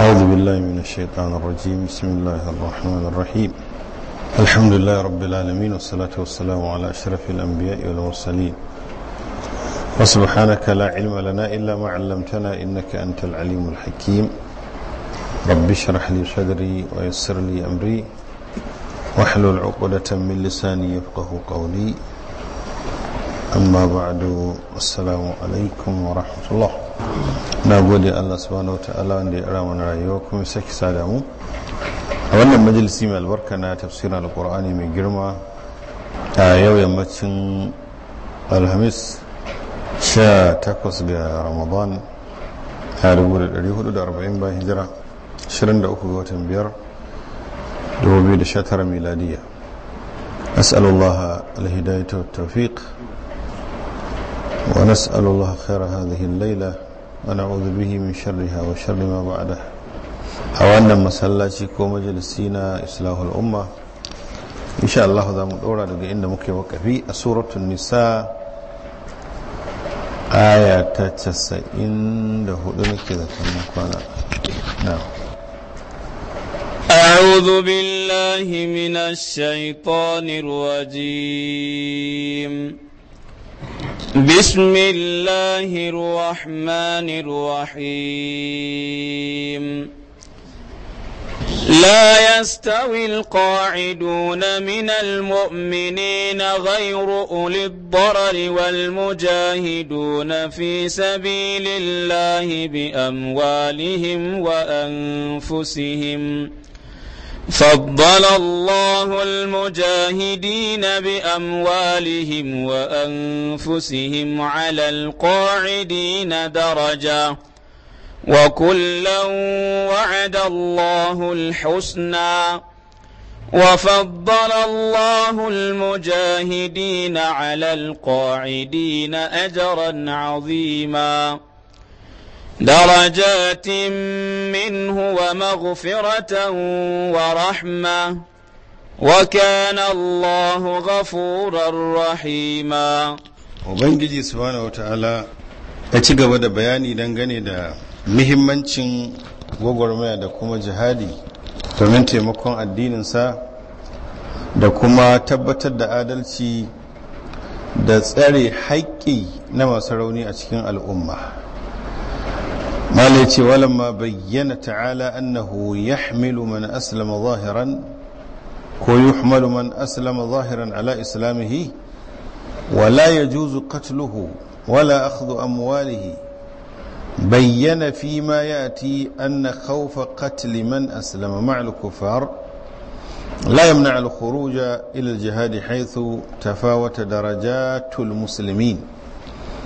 أعوذ بالله من الشيطان الرجيم بسم الله الرحمن الرحيم الحمد لله رب العالمين والصلاة والسلام على أشرف الأنبياء والمرسلين وسبحانك لا علم لنا إلا ما علمتنا إنك أنت العليم الحكيم رب اشرح لي صدري ويسر لي أمري واحلل عقدة من لساني يفقه قولي أما بعد السلام عليكم ورحمة الله na gode allah subhanahu ta'ala wanda ya mana rayuwa kuma sake sada mu a wannan majalisi mai albarka na tafsirin alkur'ani mai girma a yau yammacin alhamis 18 ga ramadan a 1440 bayan hijira 23 ga watan 5 2019 miladiya أسأل الله الهداية والتوفيق ونسأل الله خير هذه الليلة ونعوذ به من شرها وشر ما بعده أولا مسلاتي كو مجلسينا إصلاح الأمة إن شاء الله ذا مدورة لقي إن مكي وكفي سورة النساء آية تتسئن له كذا كما نعم أعوذ بالله من الشيطان الرجيم بسم الله الرحمن الرحيم لا يستوي القاعدون من المؤمنين غير أولي الضرر والمجاهدون في سبيل الله بأموالهم وأنفسهم فضل الله المجاهدين باموالهم وانفسهم على القاعدين درجه وكلا وعد الله الحسنى وفضل الله المجاهدين على القاعدين اجرا عظيما درجات منه ومغفرة ورحمة وكان الله غفورا رحيما Ubangiji subhanahu taala ya ci gaba da bayani dangane da muhimmancin gwagwarmaya da kuma jihadi domin taimakon addininsa da kuma tabbatar da adalci da tsare haƙƙi na masu rauni a cikin al'umma. ما ce ولما بين تعالى أنه يحمل من أسلم ظاهرا ويحمل من أسلم ظاهرا على إسلامه ولا يجوز قتله ولا أخذ أمواله بين فيما يأتي أن خوف قتل من أسلم مع الكفار لا يمنع الخروج إلى الجهاد حيث تفاوت درجات المسلمين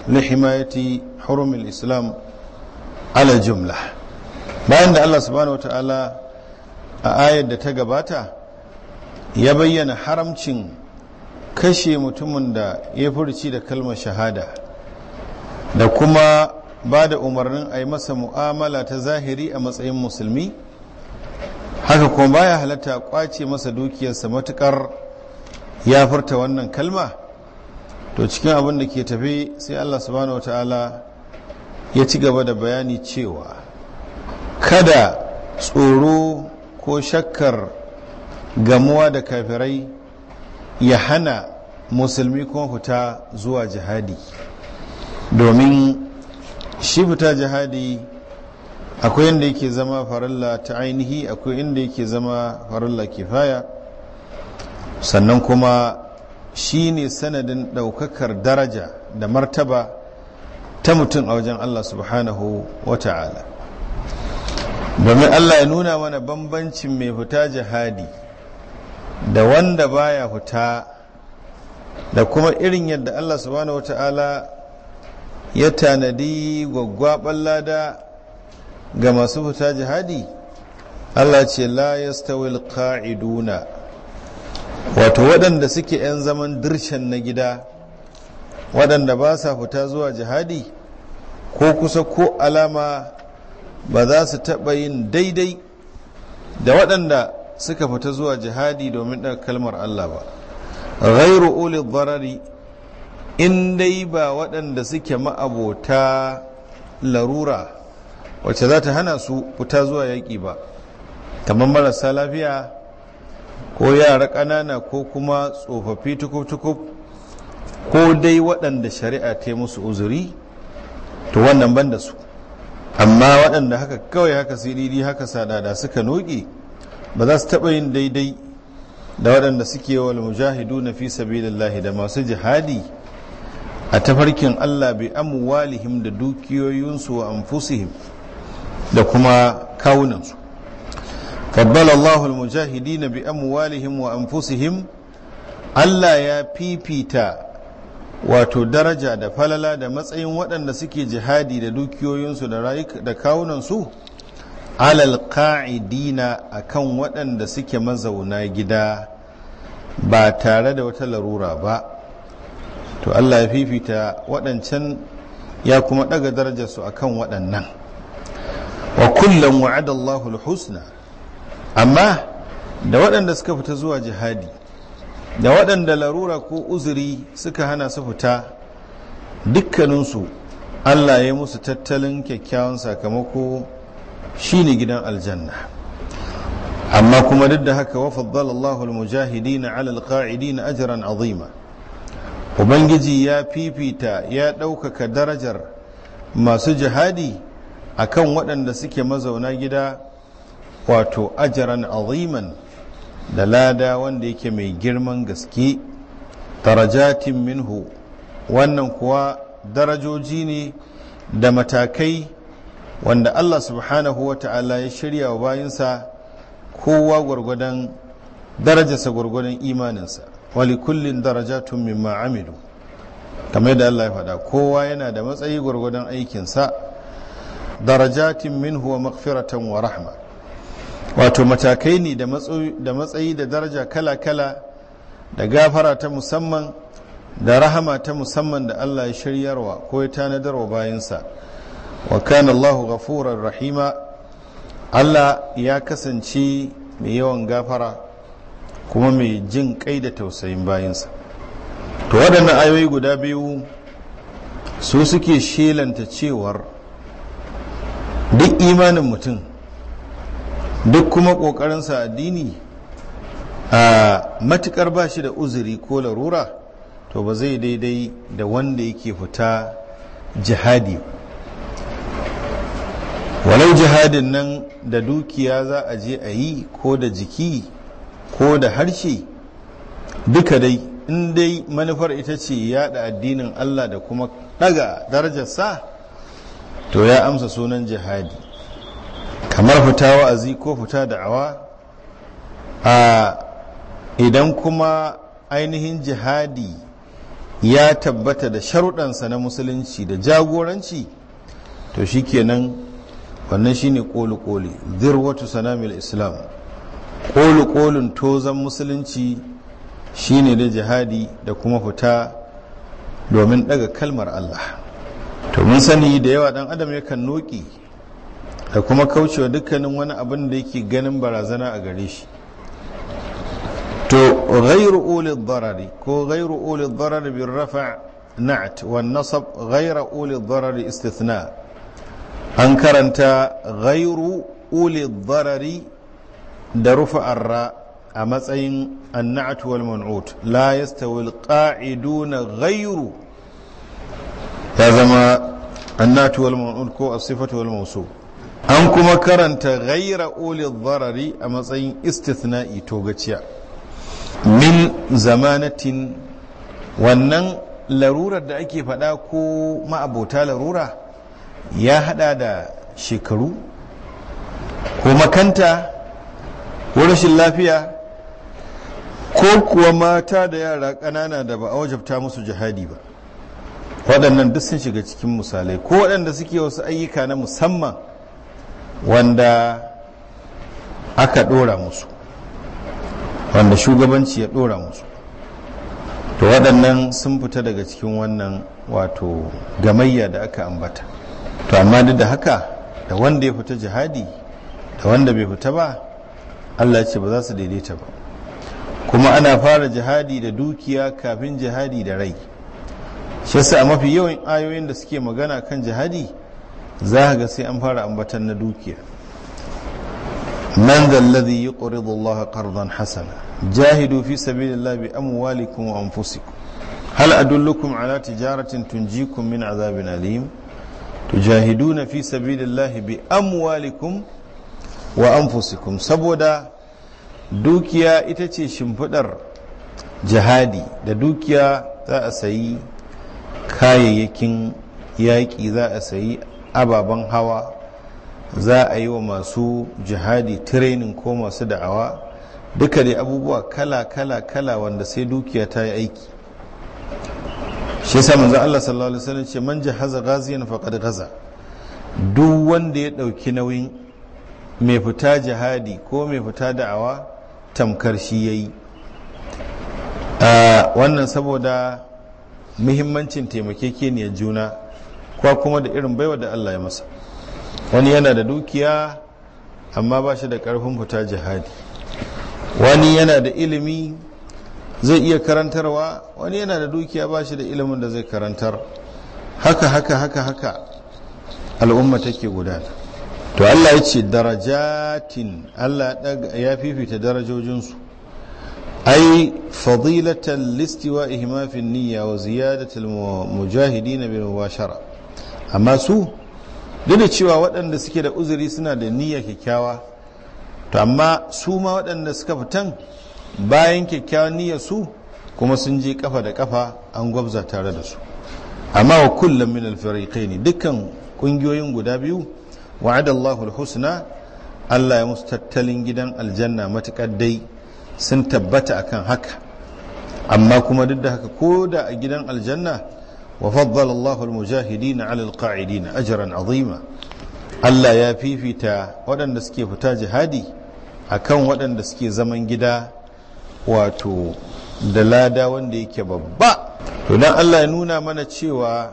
لحماية حرم الإسلام ala jumla bayan da Allah subhanahu ta'ala a ayar da ta gabata ya bayyana haramcin kashe mutumin da ya furci da kalmar shahada da kuma ba da umarnin a yi masa mu'amala ta zahiri a matsayin musulmi haka kuma baya halatta kwace masa dukiyarsa matukar ya furta wannan kalma to cikin abin da ke tafi sai Allah subhanahu ta'ala ya ci gaba da bayani cewa kada tsoro ko shakkar gamuwa da kafirai ya hana musulmi kuma fita zuwa jihadi domin shi fita jihadi akwai inda yake zama farilla ta ainihi akwai inda yake zama farilla kifaya sannan kuma shi ne sanadin ɗaukakar daraja da martaba ta mutum a wajen Allah subhanahu wa ta'ala domin Allah ya nuna mana bambancin mai fita jihadi da wanda baya fita da kuma irin yadda Allah subhanahu wa ta'ala ya tanadi gwaggwaɓar lada ga masu fita jihadi Allah ce la yastawil ka'iduna wato waɗanda suke 'yan zaman dirshan na gida waɗanda ba sa fita zuwa jihadi ko kusa ko alama ba za su taɓa yin daidai da waɗanda suka fita zuwa jihadi domin ɗaga kalmar Allah ba ghairu uli barari in dai ba waɗanda suke ma'abota larura wacce za ta hana su fita zuwa yaƙi ba kamar marasa lafiya ko yara ƙanana ko kuma tsofaffi tukuf-tukuf ko dai waɗanda shari'a ta musu uzuri to wannan ban da su amma waɗanda haka kawai haka siriri haka sadada suka noge ba za su taɓa yin daidai da waɗanda suke wal mujahidu na fi sabilillahi da masu jihadi a tafarkin Allah bi amwalihim da dukiyoyinsu wa anfusihim da kuma kawunansu faddala Allahu al na bi amwalihim wa anfusihim Allah ya fifita wato daraja da falala da matsayin waɗanda suke jihadi da dukiyoyinsu da kawunansu alal ka'idina akan waɗanda suke mazauna gida ba tare da wata larura ba to Allah ya fifita waɗancan ya kuma ɗaga darajarsu akan waɗannan wa kullum wa'adallahu husna amma da waɗanda suka fita zuwa jihadi da waɗanda larura ko uzuri suka hana su fita dukkaninsu allah ya musu tattalin kyakkyawan sakamako shine gidan aljanna amma kuma duk da haka wa faddala allahu na ala na ajiran azima ubangiji ya fifita ya ɗaukaka darajar masu jihadi akan waɗanda suke mazauna gida wato ajaran aziman da lada wanda yake mai girman gaske darajatin minhu wannan kuwa darajoji ne da matakai wanda Allah subhanahu wa ta'ala ya shirya wa bayansa kowa gwargwadon darajarsa gwargwadon imaninsa wali kullin darajatun mimma amilu kamar da Allah ya faɗa kowa yana da matsayi gwargwadon aikinsa darajatin minhu wa maghfiratan wa rahma wato matakai ne da matsayi da daraja kala-kala da gafara ta musamman da rahama ta musamman da Allah ya shiryarwa ko ya tanadarwa bayansa wa kana Allahu ghafurar rahima Allah ya kasance mai yawan gafara kuma mai jin kai da tausayin bayansa to waɗannan ayoyi guda biyu su suke shelanta cewar duk imanin mutum duk kuma ƙoƙarinsa addini a matuƙar ba shi da uzuri ko larura to ba zai daidai da wanda yake fita jihadi walau jihadin nan da dukiya za a je a yi ko da jiki ko da harshe duka dai in dai manufar ita ce yada addinin allah da kuma daga darajarsa to ya amsa sunan jihadi kamar fita wa'azi ko fita da'awa a idan kuma ainihin jihadi ya tabbata da sharuɗansa na musulunci da jagoranci to shikenan wannan shine koli-koli zirwatu sanamil islam koli-kolin tozan musulunci shine da jihadi da kuma fita domin ɗaga kalmar allah to mun sani da yawa ɗan adam yakan noki da kuma kaucewa dukkanin wani abin da yake ganin barazana a gare shi to ghairu ulil darari ko ghairu ulil darari bin rafa na'at wa nasab ghaira ulil darari istithna an karanta ghairu ulil darari da rufa arra a matsayin annat wal man'ut la yastawi al qa'iduna ghairu ya zama annat wal man'ut ko as-sifatu wal mawsuf an kuma karanta ghaira ulil zarari a matsayin istithna'i togaciya min zamanatin wannan larurar da ake faɗa ko ma'abota larura ya haɗa da shekaru ko makanta ko rashin lafiya ko kuwa mata da yara ƙanana da ba a wajabta musu jihadi ba waɗannan duk sun shiga cikin misalai ko waɗanda suke wasu ayyuka na musamman wanda aka ɗora musu wanda shugabanci ya ɗora musu to waɗannan sun fita daga cikin wannan wato gamayya da aka ambata to amma duk da haka da wanda ya fita jihadi da wanda bai fita ba allah ce ba za su daidaita ba kuma ana fara jihadi da dukiya kafin jihadi da rai shi yasa mafi yawan ayoyin da suke magana kan jihadi za ga sai an fara ambatan na dukiya man zalladhi da Allah qardan hasana jahidu fi sabilillahi bi amwalikum wa anfusikum hal adullukum ala tijaratin tunjikum min azabin alim na fi sabilillahi bi amwalikum wa anfusikum saboda dukiya ita ce shimfiɗar jihadi da dukiya za a sayi kayayyakin yaƙi za a sayi ababen hawa za a yi wa masu jihadi training ko masu da'awa duka dai abubuwa kala-kala-kala wanda sai dukiya ta yi aiki shi sa manzo Allah sallallahu alaihi wasallam ce man jahaza ghaziyan faqad ghaza duk wanda ya ɗauki nauyin mai fita jihadi ko mai fita da'awa tamkar shi yayi ah, wannan saboda muhimmancin taimakekeniyar juna ko kuma da irin baiwa da Allah ya masa wani yana da dukiya amma ba shi da karfin fita jihadi wani yana da ilimi zai iya karantarwa wani yana da dukiya ba shi da ilimin da zai karantar haka haka haka haka al'umma take gudana to Allah ya ce darajatin Allah ya fifita darajojinsu ai fadilatan listiwa ihmafin niyya wa ziyadatul mujahidin bil mubashara amma su duk da cewa waɗanda suke da uzuri suna da niyya kyakkyawa to amma su ma waɗanda suka fitan bayan kyakkyawan niyya su kuma sun je kafa da kafa an gwabza tare da su amma wa kullum min ne dukkan kungiyoyin guda biyu wa'ada Allah husna Allah ya musu tattalin gidan aljanna matukar dai sun tabbata akan haka amma kuma duk da haka ko da a gidan aljanna Wa وفضل الله المجاهدين على القاعدين ajiran عظيما Allah ya fifita waɗanda suke fita jihadi akan waɗanda suke zaman gida wato da lada wanda yake babba to Allah ya nuna mana cewa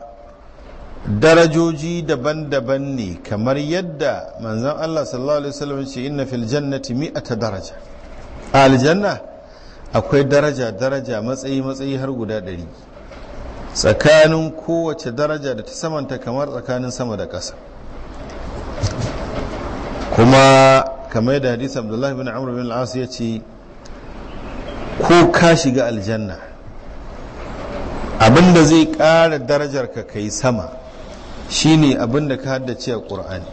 darajoji daban-daban ne kamar yadda manzon Allah sallallahu alaihi wasallam ce inna fil jannati daraja aljanna akwai daraja daraja matsayi matsayi har guda ɗari tsakanin kowace daraja da ta samanta kamar tsakanin sama da ƙasa kuma kamar da hadisi abdullahi bin amur bin al'asu ya ce ko ka shiga aljanna abinda zai ƙara darajar ka kai sama shine abinda ka haddace a ƙur'ani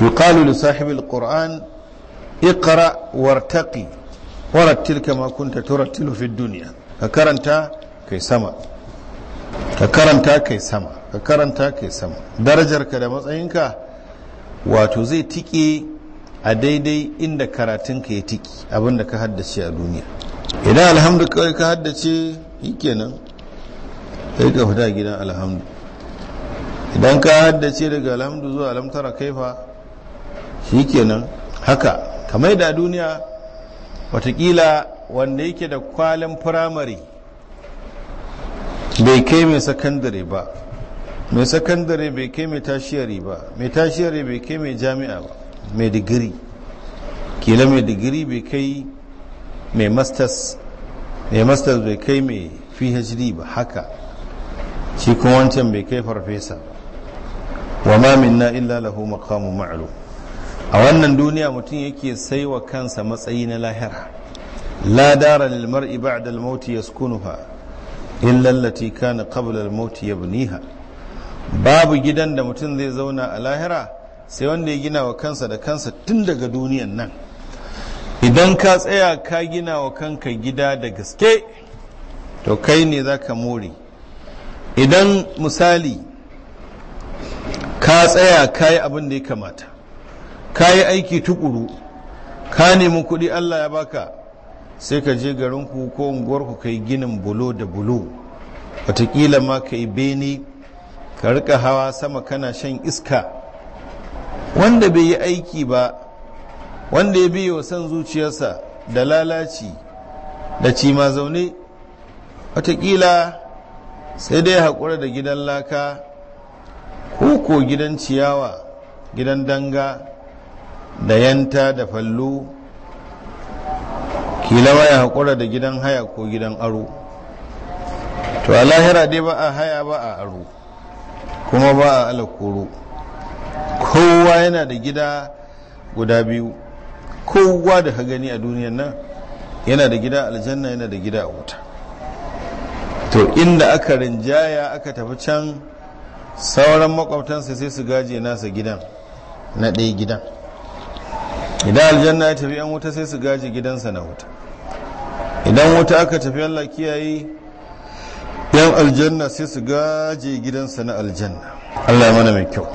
yuqalu li sahibil qur'an iqra wartaqi warattil kama kunta turattilu fid dunya ka karanta kai sama ka karanta kai sama ka karanta kai sama darajarka da matsayinka wato zai tike a daidai inda karatunka ya tiki abinda ka haddace a duniya idan alhamdu kawai ka haddace kenan sai ka fita gidan alhamdu idan ka haddace daga alhamdu zuwa alamtara kaifa kenan haka kamar da duniya watakila wanda yake da kwalin firamare bai kai mai sakandare ba mai sakandare bai kai mai tashiyari ba mai tashiyari bai kai mai jami'a ba mai digiri kila mai digiri bai kai mai masters mai masters bai kai mai phd ba haka shi kuma wancan bai kai farfesa wa ma minna illa lahu maqamun ma'lum a wannan duniya mutum yake saiwa kansa matsayi na lahira la dara lil mar'i ba'da al-maut yaskunuha illallati kana qabla al-maut yabniha babu gidan da mutum zai zauna a lahira sai wanda ya gina wa kansa da kansa tun daga duniyan nan idan ka tsaya ka gina wa kanka gida da gaske to kai ne za ka more idan misali ka tsaya ka yi abin da ya kamata ka yi aiki tuƙuru, ka nemi kuɗi allah ya baka sai ka je garinku ko unguwarku ka yi ginin bulo da bulo watakila ma ka yi bene ka rika hawa sama kana shan iska wanda bai yi aiki ba wanda ya biyo san zuciyarsa da lalaci da cima zaune watakila sai dai haƙura da gidan laka ko ko gidan ciyawa gidan danga da yanta da fallo kila ya haƙura da gidan haya ko gidan aro to a lahira dai ba a haya ba a aro kuma ba a alakoro kowa yana da gida guda biyu kowa da ka gani a duniyan nan yana da gida aljanna yana da gida a wuta to inda aka rinjaya aka tafi can sauran makwabtansa sai su gaje nasa gidan na ɗaya gidan idan aljanna ya tafi yan wuta sai su gaje gidansa na wuta idan wata aka tafi Allah kiyaye yan aljanna sai su gaje gidansa na aljanna Allah mana mai kyau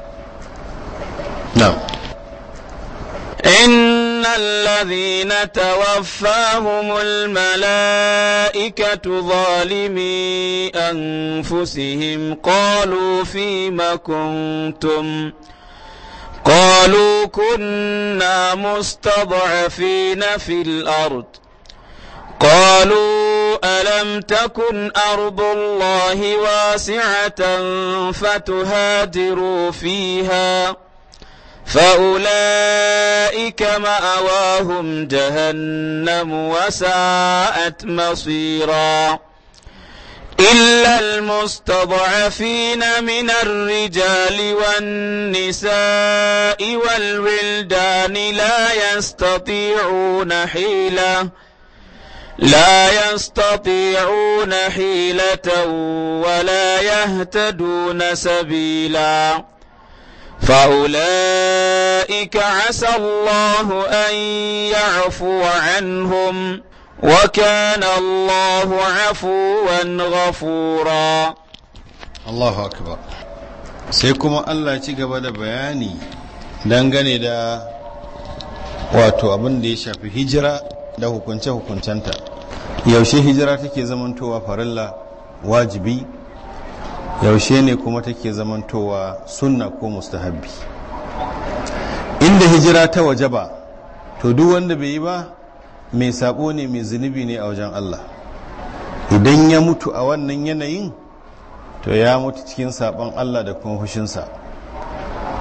na'am إن الذين توفاهم الملائكة ظالمي أنفسهم قالوا فيم كنتم قالوا كنا مستضعفين في الأرض قالوا ألم تكن أرض الله واسعة فتهاجروا فيها فأولئك مأواهم جهنم وساءت مصيرا إلا المستضعفين من الرجال والنساء والولدان لا يستطيعون حيله لا يستطيعون حيلة ولا يهتدون سبيلا فأولئك عسى الله أن يعفو عنهم وكان الله عفوا غفورا الله أكبر سيكم الله تقبل بياني dangane da wato abin da ya shafi hijira da hukunce-hukuncenta yaushe hijira take zamantowa farilla wajibi yaushe ne kuma take zamantowa sunna ko mustahabbi inda hijira ta waje ba to duk wanda bai yi ba mai sabo ne mai zunubi ne a wajen Allah idan ya mutu a wannan yanayin to ya mutu cikin sabon Allah da kuma hushinsa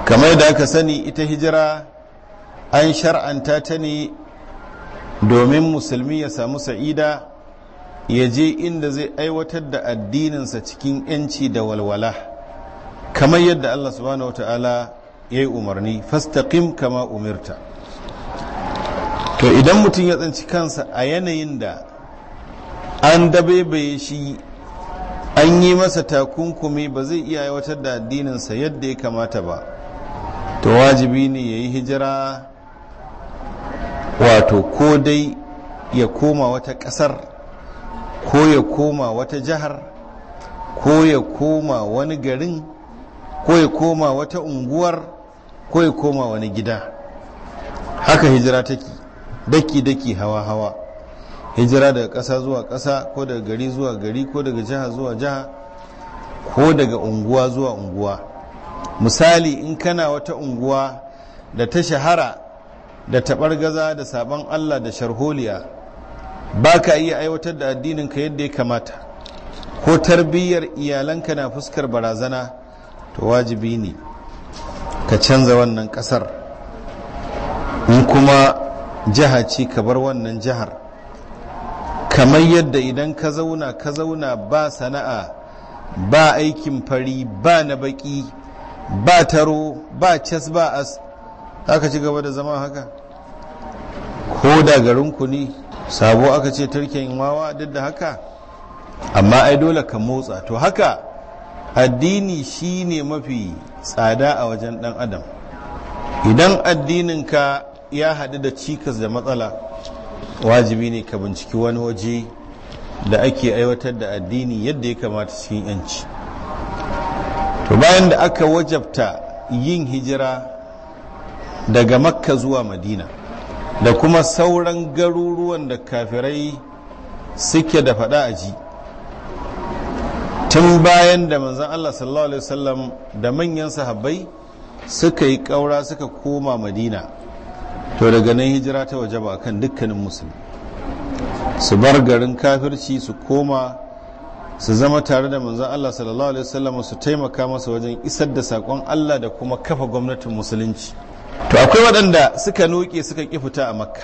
kamar da aka sani ita hijira an shar'anta ta ne domin musulmi ya samu sa'ida ya je inda zai aiwatar da addininsa cikin 'yanci da walwala kamar yadda Allah subhanahu wa ta'ala ya yi umarni fastaqim kama umirta to idan mutum ya tsanci kansa a yanayin da an dabaibaye shi an yi masa takunkumi ba zai iya aiwatar da addininsa yadda ya kamata ba to wajibi ne ya yi hijira wato ko dai ya koma wata ƙasar ko ya koma wata jihar ko ya koma wani garin ko ya koma wata unguwar ko ya koma wani gida haka hijira take daki-daki hawa-hawa hijira daga ƙasa zuwa ƙasa ko daga gari zuwa gari ko daga jiha zuwa jiha ko daga unguwa zuwa unguwa misali in kana wata unguwa da ta shahara da gaza da sabon Allah da sharholiya ba ka iya aiwatar da addininka yadda ya kamata ko tarbiyyar iyalanka na fuskar barazana to wajibi ne ka canza wannan ƙasar in kuma jiha ce ka bar wannan jihar kamar yadda idan ka zauna ka zauna ba sana'a ba aikin fari ba na baki ba taro ba cas ba as aka ci gaba da zama haka ko da garin ku ne sabo aka ce turken wawa duk da haka amma ai dole ka motsa to haka addini shine mafi tsada a wajen dan adam idan addininka ya haɗu da cikas da matsala wajibi ne ka binciki wani waje da ake aiwatar da addini yadda ya kamata cikin yanci to bayan da aka wajabta yin hijira daga makka zuwa madina da kuma sauran garuruwan da kafirai suke da faɗa a ji tun bayan da manzan allah sallallahu alaihi wasallam da manyan sahabbai suka yi ƙaura suka koma madina to daga nan hijira ta waje ba kan dukkanin musulmi su bar garin kafirci su koma su zama tare da manzan allah sallallahu alaihi wasallam su taimaka masa wajen isar da saƙon allah da kuma kafa gwamnatin musulunci to akwai waɗanda suka noke suka ƙi fita a makka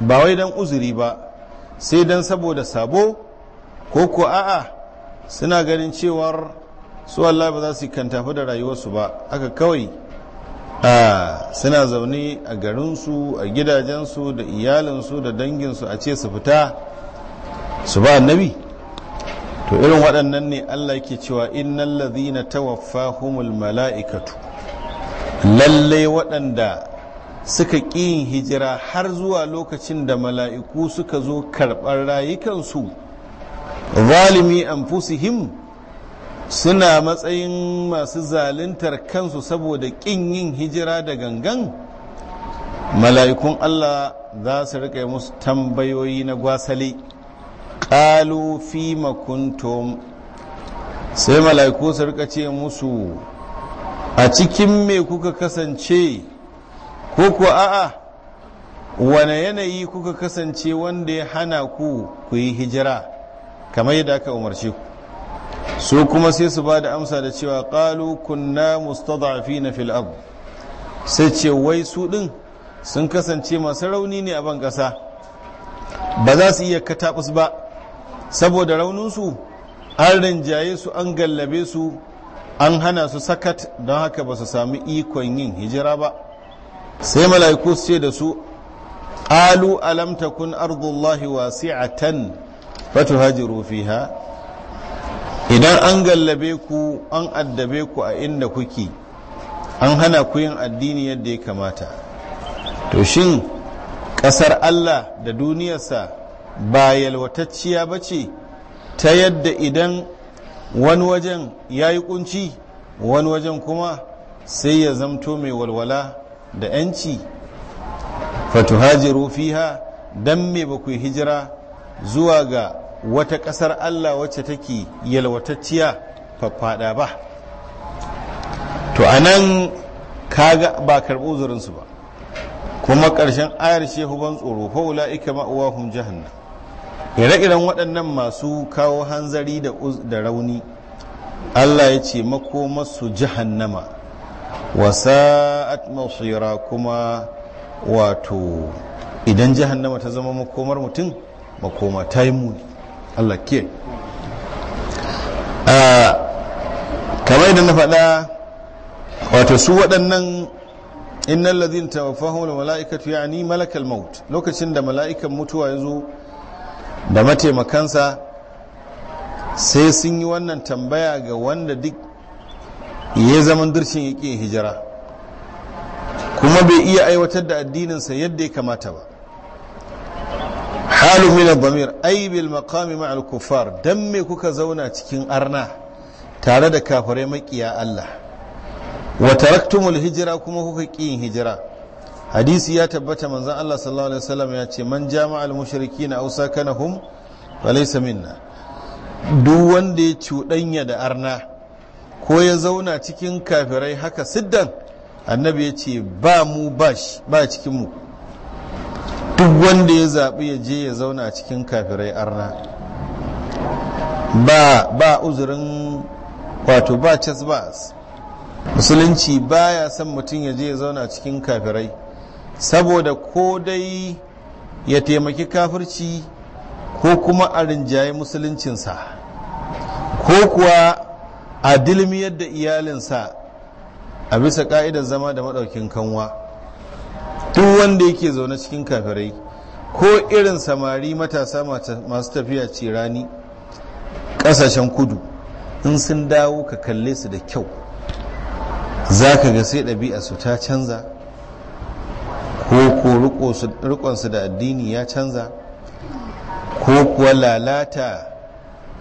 ba wai don uzuri ba sai don saboda sabo ko ko a'a suna ganin cewar su Allah ba za su kantafi da rayuwarsu ba aka kawai a suna zaune a garinsu a gidajensu da iyalinsu da danginsu a ce su fita su ba annabi to irin waɗannan ne Allah ke cewa innal ladhina tawaffahumul mala'ikatu lallai waɗanda suka ƙi yin hijira har zuwa lokacin da mala'iku suka zo karɓar rayukansu zalimi anfusihim suna matsayin masu zaluntar kansu saboda ƙin yin hijira da gangan mala'ikun Allah za su riƙa musu tambayoyi na gwasali ƙalu fi makuntum sai mala'iku su riƙa ce musu a cikin me kuka kasance ko ku a'a wane yanayi kuka kasance wanda ya hana ku ku yi hijira kamar yadda aka umarce ku su kuma sai su ba da amsa da cewa ƙalu kunna mustada'afi na fil'ab sai ce wai su ɗin sun kasance masu rauni ne a ban ƙasa ba za su iya kataɓus ba saboda rauninsu an rinjaye su an gallabe su an hana su sakat don haka ba su sami ikon yin hijira ba sai mala'iku su ce da su alu alam takun ardullahi wasi'atan fatuhajiru fiha idan an gallabe ku an addabe ku a inda kuke an hana ku yin addini yadda ya kamata to shin ƙasar Allah da duniyarsa ba yalwatacciya ba ce ta yadda idan wani wajen ya yi kunci wani wajen kuma sai ya zamto mai walwala da 'yanci Fatu fatuhajiru fiha don me bakwai hijira zuwa ga wata ƙasar allah wacce take yalwatacciya faffada ba to a nan kaga ba karɓo zurinsu ba kuma ƙarshen ayar shehu ban tsoro fa'ula ika ma'uwa hun jahannam ire-iren waɗannan masu kawo hanzari da rauni allah ya ce makomarsu jahannama wasa'at masira kuma wato idan jahannama ta zama makomar mutum makoma ta yi muni allah ke kamar idan na faɗa wato su waɗannan innan lazin tawafahun mala'ikatu ya ni malakal maut lokacin da mala'ikan mutuwa ya zo da mataimakansa sai sun yi wannan tambaya ga wanda duk ya zaman dirshin ya ƙi hijira kuma bai iya aiwatar da addininsa yadda ya kamata ba halu min damir ay bil maqami ma al kuffar dan me kuka zauna cikin arna tare da kafirai makiya Allah wa taraktumul hijira kuma kuka ƙi hijira hadisi ya tabbata manzan Allah sallallahu alaihi wasallam ya ce man jama'a al-mushriki na ausa kanahum falaisa minna duk wanda ya cuɗanya da arna ko ya zauna cikin kafirai haka siddan annabi ya ce ba mu ba shi ba cikin mu duk wanda ya zaɓi ya je ya zauna cikin kafirai arna ba ba uzurin wato ba cas ba musulunci baya son mutum ya je ya zauna cikin kafirai saboda ko dai ya taimaki kafirci ko kuma a rinjaye musuluncinsa ko kuwa a dilmiyar da iyalinsa a bisa ka'idar zama da maɗaukin kanwa duk wanda yake zaune cikin kafirai ko irin samari matasa masu tafiya ce rani ƙasashen kudu in sun dawo ka kalle su da kyau za ka ga sai ɗabi'a su ta canza ko ko rikonsu da addini ya canza ko kuwa lalata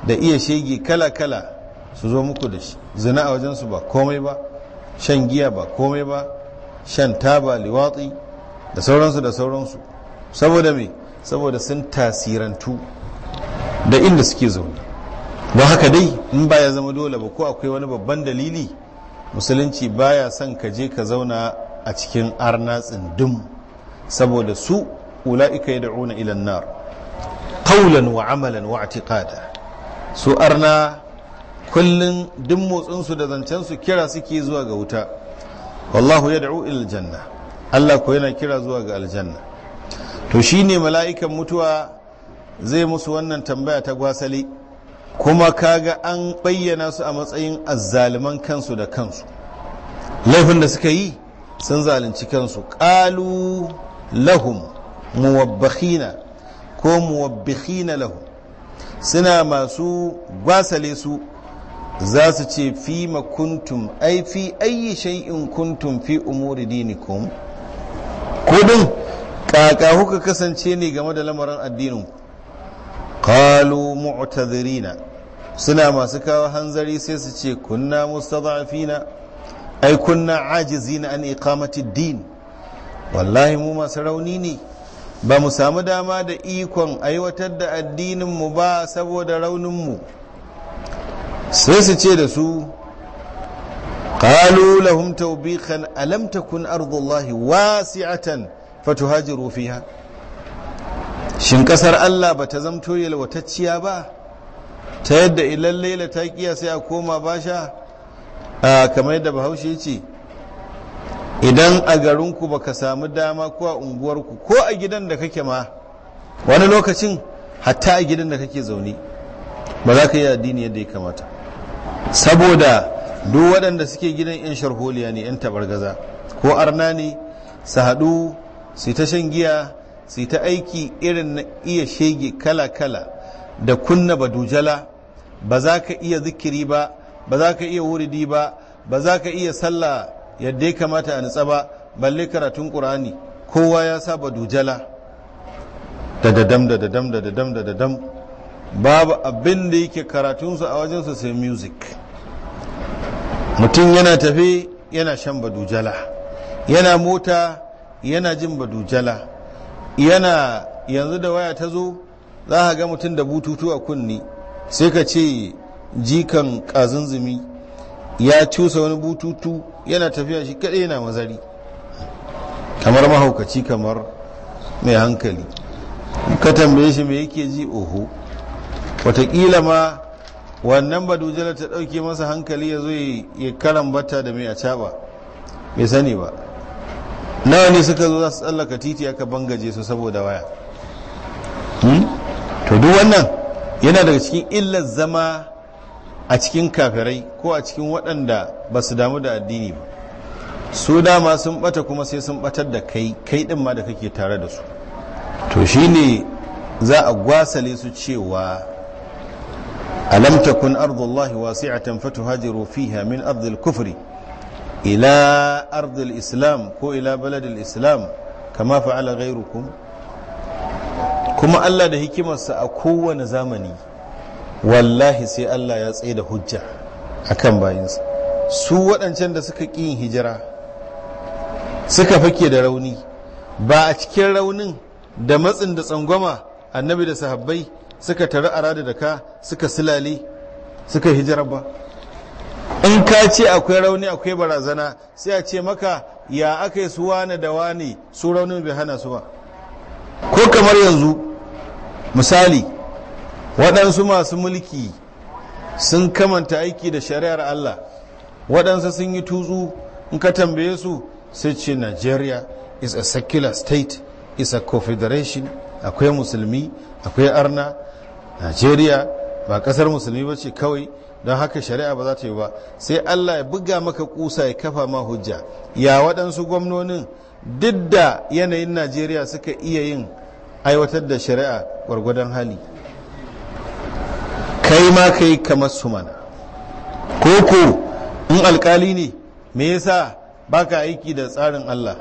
da iya shege kala-kala su zo muku da zina a wajensu ba komai ba shan giya ba komai ba shan taba liwatsi da sauransu da sauransu saboda mai saboda sun tasirantu da inda suke zaune ba haka dai in ba ya zama dole ba ko akwai wani babban dalili musulunci baya son ka je ka zauna a cikin arna tsindin saboda su ula'ika ya da'una ilan nar qawlan wa amalan wa i'tiqada su arna kullum duk motsinsu da zancensu kira suke zuwa ga wuta wallahu ya da'u ilal janna Allah ko yana kira zuwa ga aljanna to shine mala'ikan mutuwa zai musu wannan tambaya ta gwasali kuma kaga an bayyana su a matsayin azzaliman kansu da kansu laifin da suka yi sun zalunci kansu ƙalu lahum muwabbakhina ko muwabbakhina lahum suna masu gwasale su za su ce fi makuntum ai fi ayi shay'in kuntum fi umuri dinikum kudin kaka kuka kasance ne game da lamarin addinin qalu mu'tadhirina suna masu kawo hanzari sai su ce kunna mustada'afina ai kunna ajizina an iqamati din wallahi mu masu rauni ne ba mu samu dama da ikon aiwatar da addininmu ba saboda rauninmu sai su ce da su قالوا لهم توبيخا ألم تكن أرض الله واسعة فتهاجروا shin ƙasar Allah ba ta zamto yalwatacciya ba ta yadda ilallai laila ta kiya sai a koma basha kamar yadda bahaushe ce idan a garinku ba ka samu dama ko a unguwarku ko a gidan da kake ma wani lokacin hatta a gidan da kake zaune ba za ka yi addini yadda ya kamata saboda duk waɗanda suke gidan 'yan sharholiya ne 'yan tabargaza ko arna ne su haɗu su ta shan giya su ta aiki irin na iya shege kala-kala da kunna badujala ba za ka iya zikiri ba ba za ka iya wuridi ba ba za ka iya sallah yadda ya kamata a nutsa ba balle karatun ƙur'ani kowa ya saba dujala da dadam da dadam da dadam da dadam babu abin da yake karatunsu a wajensu sai music mutum yana tafi yana shan badujala yana mota yana jin badujala yana yanzu da waya ta zo za a ga mutum da bututu a kunni sai ka ce jikan ƙazunzumi ya cusa wani bututu yana tafiya shi kaɗai yana mazari kamar mahaukaci kamar mai hankali ka tambaye shi mai yake ji oho watakila ma wannan badujala ta ɗauke masa hankali ya zo ya karambata da mai a caba bai sani ba nawa ne suka zo za su tsallaka titi aka bangaje su saboda waya hmm? to duk wannan yana daga cikin illar zama a cikin kafirai ko a cikin waɗanda ba su damu da addini ba su dama sun bata kuma sai sun batar da kai kai ɗin ma da kake tare da su to shine za a gwasale su cewa alam wasu a wasi'atan fatuhajiru fiha min ardil kufri ila ardil islam ko ila baladil islam kama fa'ala ghayrukum kuma Allah da hikimarsa a kowane zamani wallahi sai Allah ya tsaye da hujja akan bayinsa su waɗancan da suka ƙi yin hijira suka fake da rauni ba a cikin raunin da matsin da tsangwama annabi da sahabbai suka tare a rada da ka suka silale suka hijira ba in ka ce akwai rauni akwai barazana sai a ce maka ya aka yi su wane da wane su raunin bai hana su ba ko kamar yanzu misali waɗansu masu mulki sun kamanta aiki da shari'ar Allah waɗansu sun yi tutsu in ka tambaye su sai ce Nigeria is a secular state is a confederation akwai musulmi akwai arna Nigeria ba ƙasar musulmi ba ce kawai don haka shari'a ba za ta yi ba sai Allah ya buga maka ƙusa ya kafa ma hujja ya waɗansu gwamnonin duk da yanayin Najeriya suka iya yin aiwatar da shari'a gwargwadon hali kai ma kai kamar su mana koko in alkali ne me yasa baka aiki da tsarin Allah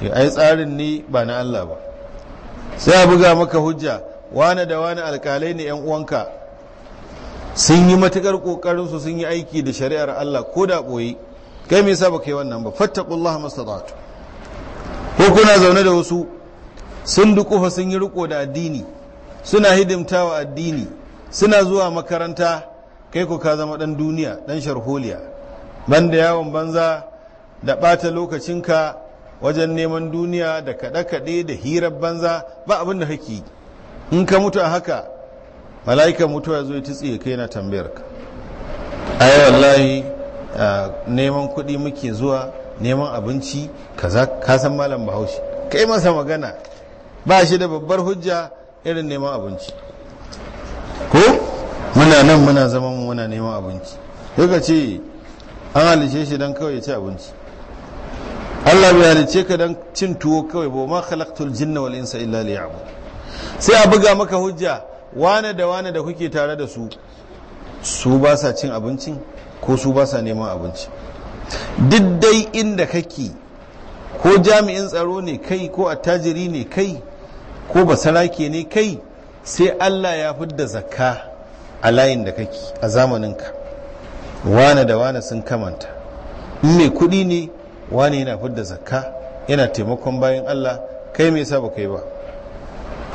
ya ai tsarin ne ba na Allah ba sai a buga maka hujja wane da wane alkalai ne yan uwanka sun yi matukar kokarin su sun yi aiki da shari'ar Allah ko da boye kai me yasa baka yi wannan ba fattaqullaha mastata'tu ko kuna zaune da wasu sun dukufa sun yi riko da addini suna hidimtawa addini suna zuwa makaranta kai ku ka zama ɗan duniya ɗan sharholiya ban da yawon banza da ɓata lokacinka wajen neman duniya da kaɗe-kaɗe da hirar banza ba abin da haki in ka mutu a haka mala'ikan mutuwa zo ta ya kai na tambayar ka ai wallahi neman kuɗi muke zuwa neman abinci kaza ka san malam bahaushe kai masa magana ba shi da babbar hujja irin neman abinci ko muna nan muna zama mu muna neman abinci yaka ce an halice shi don kawai ya ci abinci Allah bai halice ka don cin tuwo kawai ba ma khalaqtul jinna wal insa illa liya'bud sai a buga maka hujja wane da wane da kuke tare da su su ba sa cin abincin ko su ba sa neman abinci duk dai inda kake ko jami'in tsaro ne kai ko attajiri ne kai ko saraki ne kai sai Allah ya fidda zakka a layin da kake a zamaninka wane da wane sun kamanta in mai kudi ne wane yana fidda zakka yana taimakon bayan Allah kai mai sa kai ba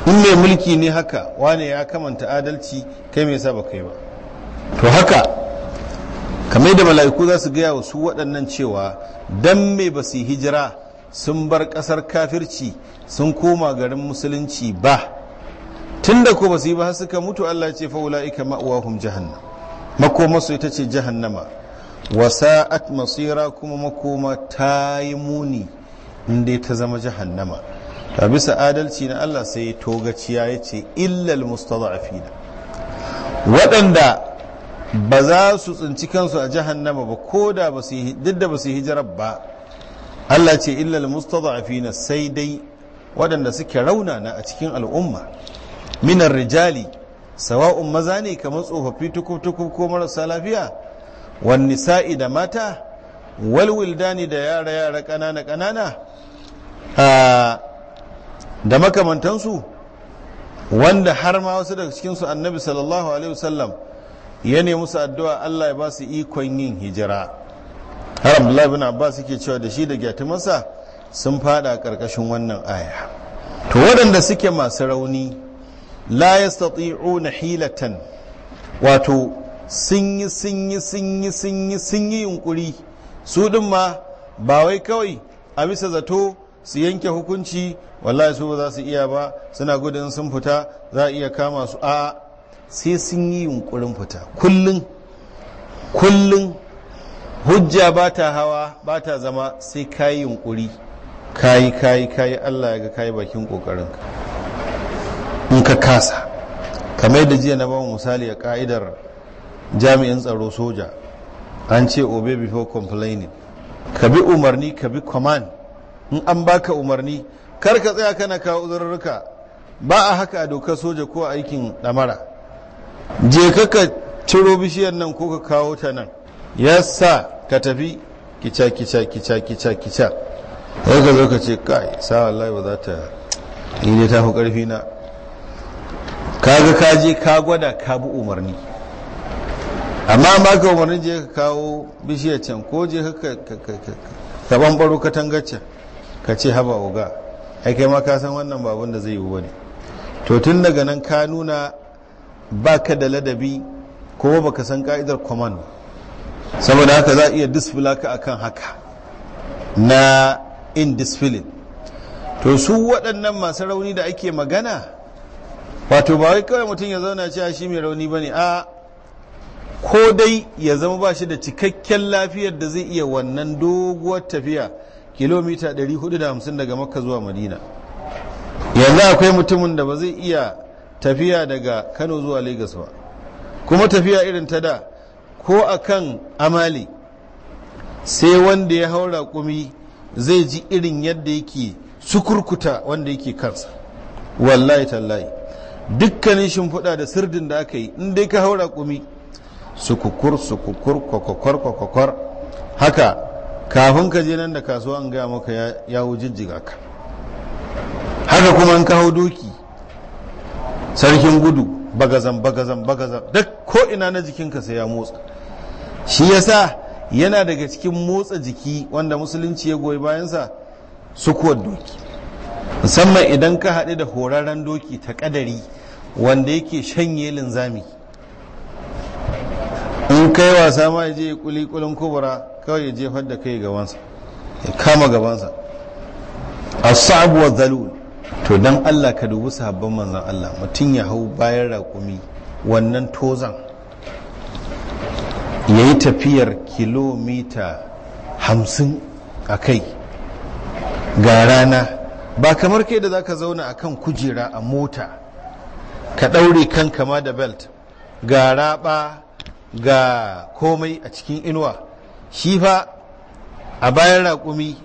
in mai mulki ne haka wane ya kamanta adalci kai mai sa ba kai ba to haka kame da mala'iku za su gaya wa su waɗannan cewa dan mai ba su hijira sun bar ƙasar kafirci sun koma garin musulunci ba tunda ko basu yi ba suka mutu Allah ce fa ulaika ma'wahum jahannam makoma su ita ce jahannama wa sa'at masira kuma makoma ta yi muni inda ta zama jahannama a bisa adalci na Allah sai togaciya ya ce illal mustada'afina waɗanda ba za su tsinci kansu a jahannama ba ko da ba su duk da ba su hijirar ba Allah ce illal mustada'afina sai dai waɗanda suke raunana a cikin al'umma minar rijali sawa'un maza ne kamar tsofaffi tukutuku ko marasa lafiya wani nisa'i da mata walwilda ne da yara-yara ƙanana-ƙanana da makamantansu wanda har ma wasu daga cikinsu annabi sallallahu alaihi wasallam ya nemi su addu'a Allah ya ba su ikon yin hijira har Abdullahi bin Abbas yake cewa da shi da gyatumarsa sun fada ƙarƙashin wannan aya to waɗanda suke masu rauni la na hilatan wato sun yi sun yi sun yi sun yi sun yi yunkuri su din ma ba wai kawai a bisa zato su yanke hukunci wallahi su ba za su iya ba suna gudun sun fita za a iya kama su a sai sun yi yunkurin fita kullum kullum hujja ba ta hawa ba ta zama sai kayi yunkuri kayi kayi kayi allah ya ga kayi bakin ƙoƙarinka in ka kasa kamar da jiya na ba misali a ka'idar jami'in tsaro soja an ce obey before complaining ka bi umarni ka bi command in an baka umarni kar ka tsaya kana kawo uzurruka ba a haka a dokar soja ko aikin damara je ka ka ciro bishiyar nan ko ka kawo ta nan ya sa ka tafi kica kica kica kica kica ya ka zo ka ce kai sa wallahi ba za ta yi ne ta fi karfi na kaga ka je ka gwada ka bi umarni amma maka umarni je ka kawo bishiyar can ko je ka bambaro katangar can ka ce haba oga ai kai ma ka san wannan babun da zai yi wani to tun daga nan ka nuna ba ka da ladabi ko ba ka san ka'idar command saboda haka za a iya disfila ka akan haka na indisfilin to su waɗannan masu rauni da ake magana wato ba wai kawai mutum ya zauna cewa shi mai rauni ba ne a ko dai ya zama ba shi da cikakken lafiyar da zai iya wannan doguwar tafiya kilomita 450 daga makka zuwa madina yanzu akwai mutumin da ba zai iya tafiya daga kano zuwa lagos ba kuma tafiya irin ta da ko akan amali sai wanda ya haura kumi zai ji irin yadda yake sukurkuta wanda yake kansa wallahi tallahi dukkanin shimfiɗa da sirdin da aka yi in dai ka haura kumi sukukur sukukur kwakwakwar kwakwakwar haka kafin ka je nan da kasuwa an gaya maka ya jijjiga ka haka kuma an kawo doki sarkin gudu bagazan bagazan bagazan duk ko ina na jikinka sai ya motsa shi yasa yana daga cikin motsa jiki wanda musulunci ya goyi bayansa sukuwar doki musamman idan ka haɗu da horarren doki ta ƙadari wanda yake shanye linzami in kai wasa ma ya je kulikulin kubura kawai ya jefar da kai gabansa ya kama gabansa a sab zalul to don Allah ka dubi sahabban manzan Allah mutum ya hau bayan raƙumi wannan tozan ya yi tafiyar kilomita hamsin a kai ga rana ba kamar kai da za ka zauna a kan kujera a mota ka ɗaure kan kama da belt ga raba ga komai a cikin inuwa shi fa a bayan raƙumi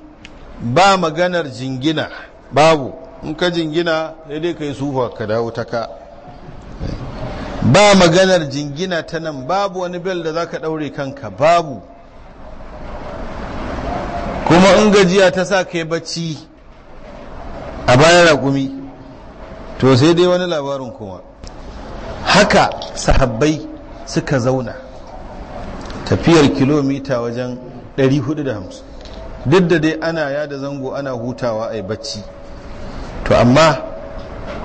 ba maganar jingina babu in ka jingina dai ka yi sufa ka dawo ta ka ba maganar jingina ta nan babu wani bel da za ka ɗaure kanka babu kuma in gajiya ta sa ka yi bacci a bayan raƙumi to sai dai wani labarin kuma haka sahabbai suka zauna tafiyar kilomita wajen 450 duk da dai ana yada zango ana hutawa a bacci to amma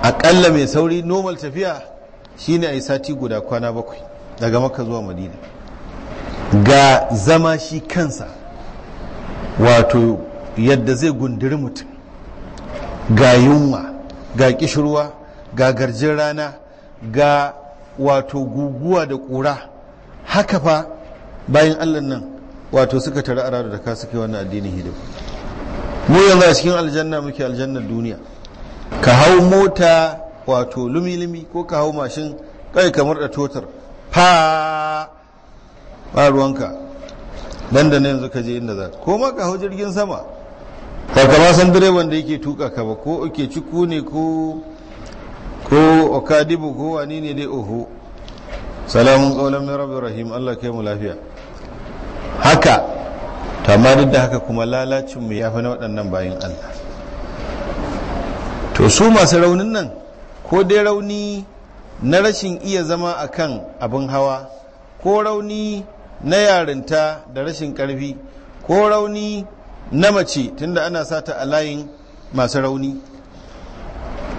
aƙalla mai sauri normal tafiya shine a sati guda kwana bakwai daga maka zuwa madina ga zama shi kansa wato yadda zai gundiri mutum ga yunwa ga kishirwa ga garjin rana ga wato guguwa da ƙura haka fa bayan allah nan wato suka tara a da ka suke wannan addinin hidim mu yanzu a cikin aljanna muke aljannar duniya ka hau mota wato lumilumi lumi ko ka hau mashin kai kamar da totar fa ba ruwanka dan yanzu ka je inda za ko ma ka hau jirgin sama ba kama san direban da yake tuka ka ba ko ke ciku ne ko ko okadibu ko wani ne dai oho salamun kaulan mai rabbi rahim Allah kai mu lafiya haka amma duk da haka kuma lalacin ya yafi na waɗannan bayan Allah to su masu raunin nan ko dai rauni na rashin iya zama akan abin hawa ko rauni na yarinta da rashin ƙarfi ko rauni na mace tunda ana sata a layin masu rauni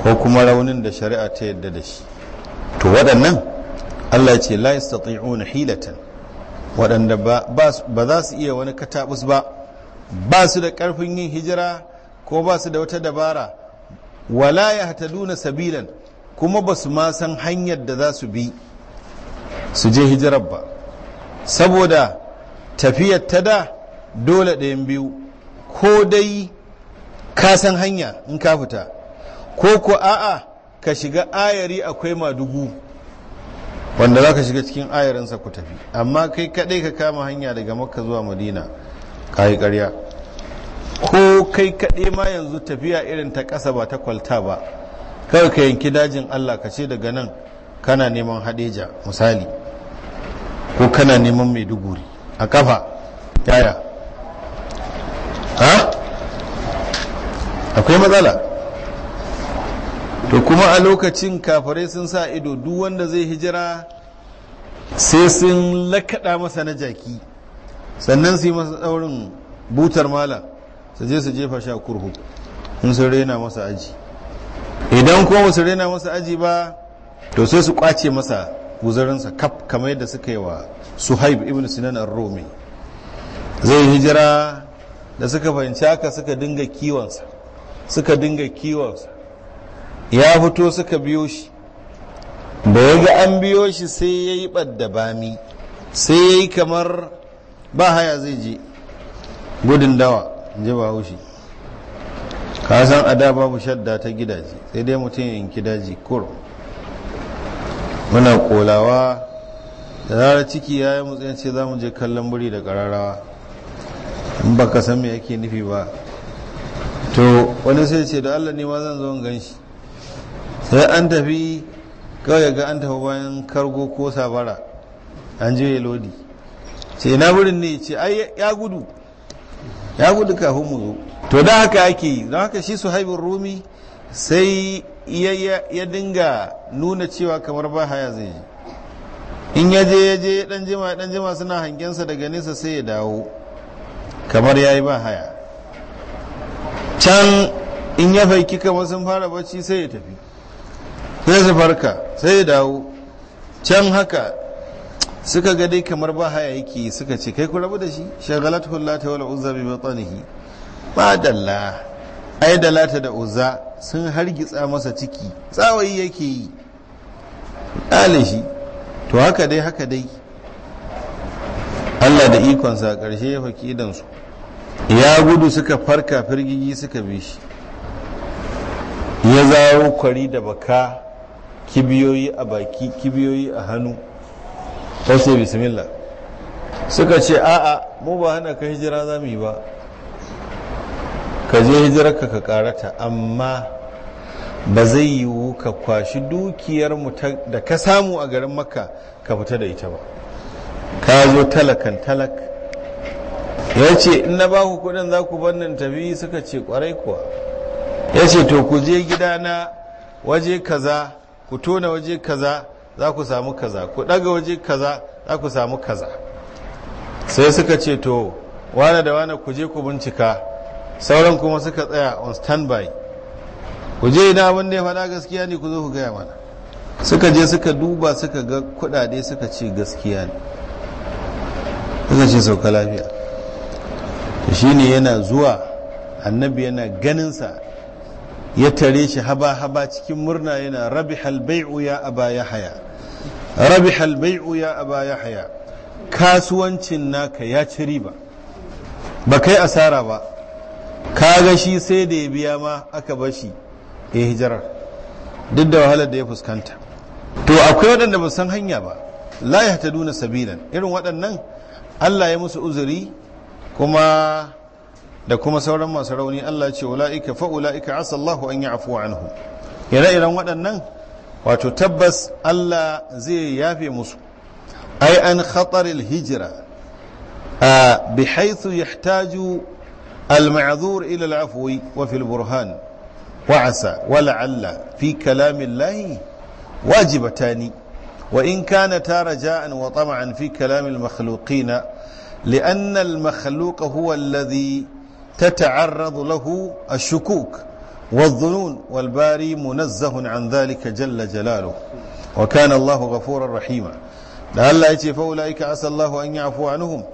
ko kuma raunin da shari'a ta yadda da shi to waɗannan allah ce la yastati'una hilatan waɗanda ba za su iya wani katabus ba ba su da ƙarfin yin hijira ko ba su da wata dabara wala ya hataduna sabilan kuma ba su ma san hanyar da za su bi su je hijirar ba saboda tafiyar ta da dole ɗayan biyu ko dai ka san hanya in ka fita ko ku a'a ka shiga ayari akwai madugu wanda za ka shiga cikin ayarinsa ku tafi amma kai kadai ka kama hanya daga makka zuwa madina ka yi karya ko kai kadai ma yanzu tafiya irin ta ƙasa ba ta kwalta ba kawai ka yanki dajin allah ka ce daga nan kana neman hadeja misali ko kana neman maiduguri a kafa yaya akwai matsala to kuma a lokacin kafirai sun sa ido duk wanda zai hijira sai sun lakada masa na jaki sannan su yi masa tsaurin butar mala su je su jefa sha kurhu in sun rena masa aji idan kuma su rena masa aji ba to sai su kwace masa guzarinsa kaf kamar yadda suka yi wa suhaib ibn sinan romi zai hijira da suka fahimci haka suka dinga kiwonsa suka dinga kiwonsa ya fito suka biyo shi da ya ga an biyo shi sai ya yi ɓadda bami sai ya yi kamar ba haya zai je gudun dawa ji ba haushi ka san ada babu shadda ta gidaje sai dai mutum yin gidaje kuro muna kolawa da zarar ciki ya yi mutsayin ce za mu je kallon buri da ƙararrawa in ba ka san me yake nufi ba to wani sai ce da Allah ne ma zan zo gan shi sai an tafi kawai ga an tafi bayan kargo ko sabara an je ya lodi ce na wurin ne ce ai ya gudu ya gudu kafin mu zo to da haka ake yi don haka shi su haibin rumi sai ya dinga nuna cewa kamar ba haya zai ji in ya je ya je dan jima suna hangensa daga nesa sai ya dawo kamar ya yi ba haya can in ya faiki kamar sun fara bacci sai ya tafi sai su farka sai ya dawo can haka suka ga dai kamar ba haya yake suka ce kai ku rabu da shi shagalat ta wani uzza bi batnihi ba dalla ai da lata da uzza sun hargitsa masa ciki tsawayi yake yi ɗale shi to haka dai haka dai Allah da ikonsa a ƙarshe ya faki idansu ya gudu suka farka firgigi suka bi shi ya zawo kwari da baka kibiyoyi a baki kibiyoyi a hannu wasu bismillah suka ce a'a mu ba hana ka hijira za mu yi ba ka je hijirarka ka karata amma ba zai yiwu ka kwashi dukiyar mu da ka samu a garin makka ka fita da ita ba ka zo talakan talak ya ce in na ba ku kudin za ku bannin tabi suka ce kwarai kuwa ya ce to ku je gidana waje kaza ku tona waje kaza za ku samu kaza ku daga waje kaza za ku samu kaza sai suka ce to wane da wane ku je ku bincika sauran kuma suka tsaya on standby ku je ina abin da ya faɗa gaskiya ne ku zo ku gaya mana suka je suka duba suka ga kudade suka ce gaskiya ne suka ce sauka lafiya shine yana zuwa annabi yana ganinsa ya tare shi haba-haba cikin murna yana rabi halbai'u ya aba ya haya rabi halbai'u ya aba ya haya kasuwancin naka ya ci riba ba kai asara ba kaga shi sai da ya biya ma aka bashi ya hijirar duk da wahalar da ya fuskanta to akwai waɗanda ba san hanya ba la ya ta duna sabilan irin waɗannan allah ya musu uzuri kuma da kuma sauran masu rauni Allah ce ula'ika fa ula'ika allahu an ya'fu anhu ire-iren waɗannan wato tabbas Allah zai yafe musu ai an khataril hijira a bi haythu yahtaju al-ma'dhur ila al-afwi wa fil burhan wa asa wa la'alla fi kalamillahi wajibatani wa in kana ta raja'an wa tama'an fi kalamil makhluqina لأن المخلوق هو الذي تتعرض له الشكوك والظنون والباري منزه عن ذلك جل جلاله وكان الله غفورا رحيما لعل يتي فأولئك عسى الله أن يعفو عنهم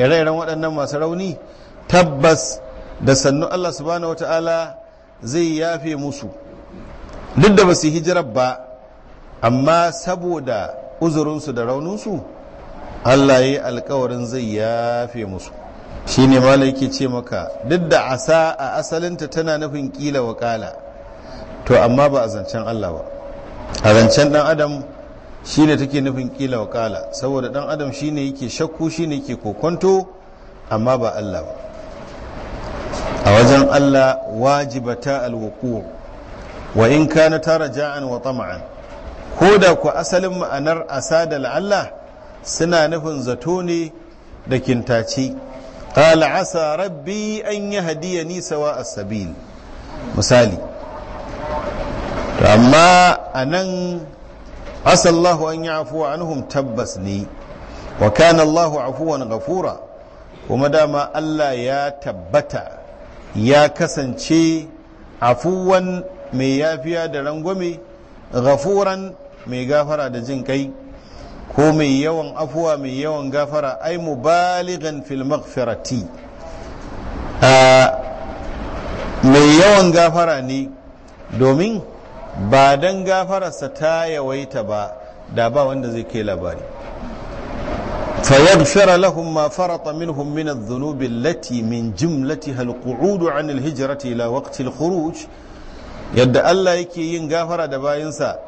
إلينا وأن ما سروني تبس دسن الله سبحانه وتعالى zai yafe musu duk da ba su hijira ba amma saboda uzurinsu da rauninsu Allah ya yi alkawarin zai yafe musu shi ne malai ke ce maka duk da asa a asalinta tana nufin kila wakala to amma ba a zancen Allah ba a zancen dan adam shi ne take nufin kila wakala saboda dan adam shi ne yake shakku shi ne yake kokonto amma ba Allah ba a wajen Allah wajibata alwuku wa in kana tara ja'an wa tama'an ko da ku asalin ma'anar asa da la'alla suna nufin zato ne da kintaci Ƙala asa rabbi an hadiya sawa as-sabil misali to amma a nan Allah an yafu anhum tabbas ne wa kana Allah afuwan ghafura kuma dama Allah ya tabbata ya kasance afuwan mai yafiya da rangwame ghafuran mai gafara da jin kai ko mai yawan afuwa mai yawan gafara ai mubaligan fil maghfirati mai yawan gafara ne domin ba dan gafararsa ta yawaita ba da ba wanda zai kai labari فيغفر min ما zunubin lati min الذنوب التي من جملتها القعود عن الهجرة إلى وقت الخروج yadda Allah yake yin gafara da bayansa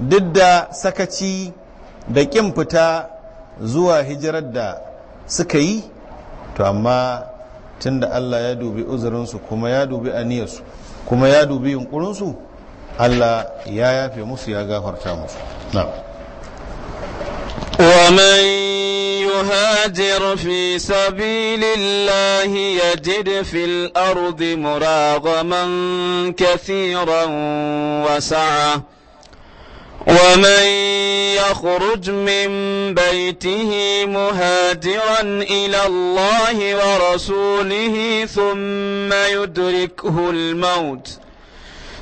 didda da sakaci da ƙin fita zuwa hijirar da suka yi to amma tunda Allah ya dubi uzurinsu kuma ya dubi aniyarsu kuma ya dubi yunkurinsu Allah ya yafe musu ya gafarta musu ومن يهاجر في سبيل الله يجد في الأرض مراغما كثيرا وسعه ومن يخرج من بيته مهاجرا إلى الله ورسوله ثم يدركه الموت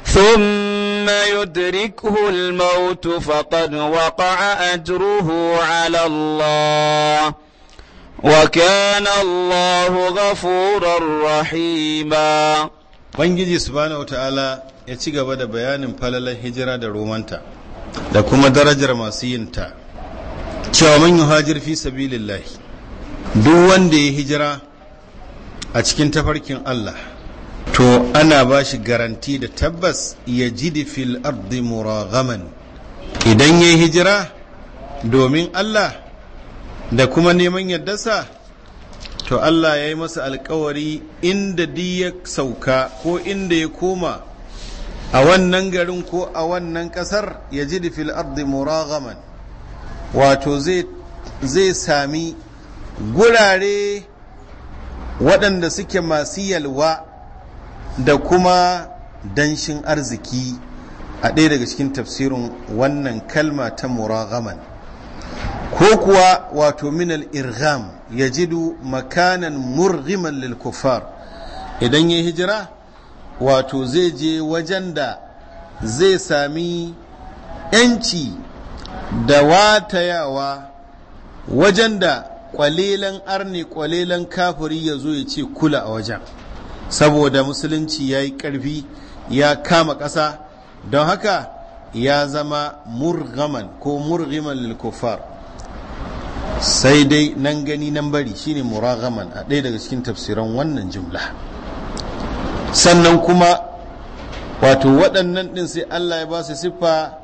ثم يدركه الموت فقد وقع أجره على الله وكان الله غفورا رحيما Ubangiji subhanahu wa ta'ala ya ci gaba da bayanin falalar hijira da romanta. da kuma darajar masu yinta cewa man yuhajir fi sabilillahi duk wanda ya hijira a cikin tafarkin Allah to ana ba shi garanti da tabbas ya jidi fil ardi muragaman idan ya hijira domin Allah da kuma neman yaddasa to Allah ya yi masa alkawari inda di ya sauka ko inda ya koma a wannan garin ko a wannan kasar ya ji da ardi muragaman wato zai sami gurare waɗanda suke masu yalwa da kuma danshin arziki a ɗaya daga cikin tafsirin wannan kalma ta muragaman ko kuwa wato minal irgham ya jidu makanan murgiman lil kuffar idan ya hijira wato zai je wajen da zai sami yanci da watayawa wajen da kwalilan arne kwalilan kafuri ya zo ya ce kula a wajen saboda musulunci ya yi ƙarfi ya kama ƙasa don haka ya zama murgaman ko murgiman lil sai dai nan gani nan bari shine muragaman a ɗaya daga cikin tafsiran wannan jumla sannan kuma wato waɗannan ɗin sai Allah ya ba su siffa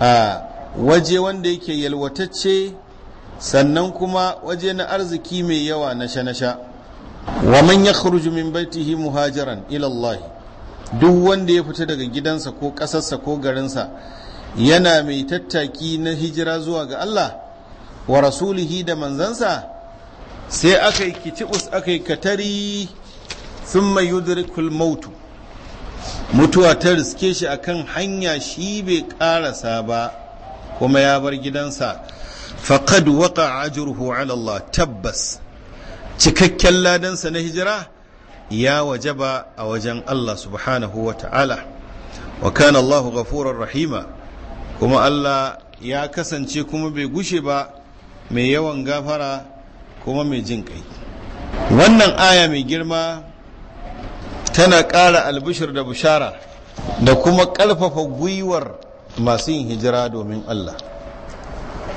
a waje wanda yake yalwatacce sannan kuma waje na arziki mai yawa na sha-nasha wa man ya min baitihi muhajiran ilallahi duk wanda ya fita daga gidansa ko ƙasarsa ko garinsa yana mai tattaki na hijira zuwa ga Allah wa rasulihi da manzansa sai aka yi kicibus aka yi katari thumma yudrikul maut mutuwa ta riske shi akan hanya shi bai karasa ba kuma ya bar gidansa faqad waqa ajruhu ala Allah tabbas cikakken ladansa na hijira ya wajaba a wajen Allah subhanahu wa ta'ala wa kana Allah rahima kuma Allah ya kasance kuma bai gushe ba mai yawan gafara kuma mai jin kai wannan aya mai girma tana ƙara albishir da bushara da kuma ƙarfafa gwiwar masu yin hijira domin Allah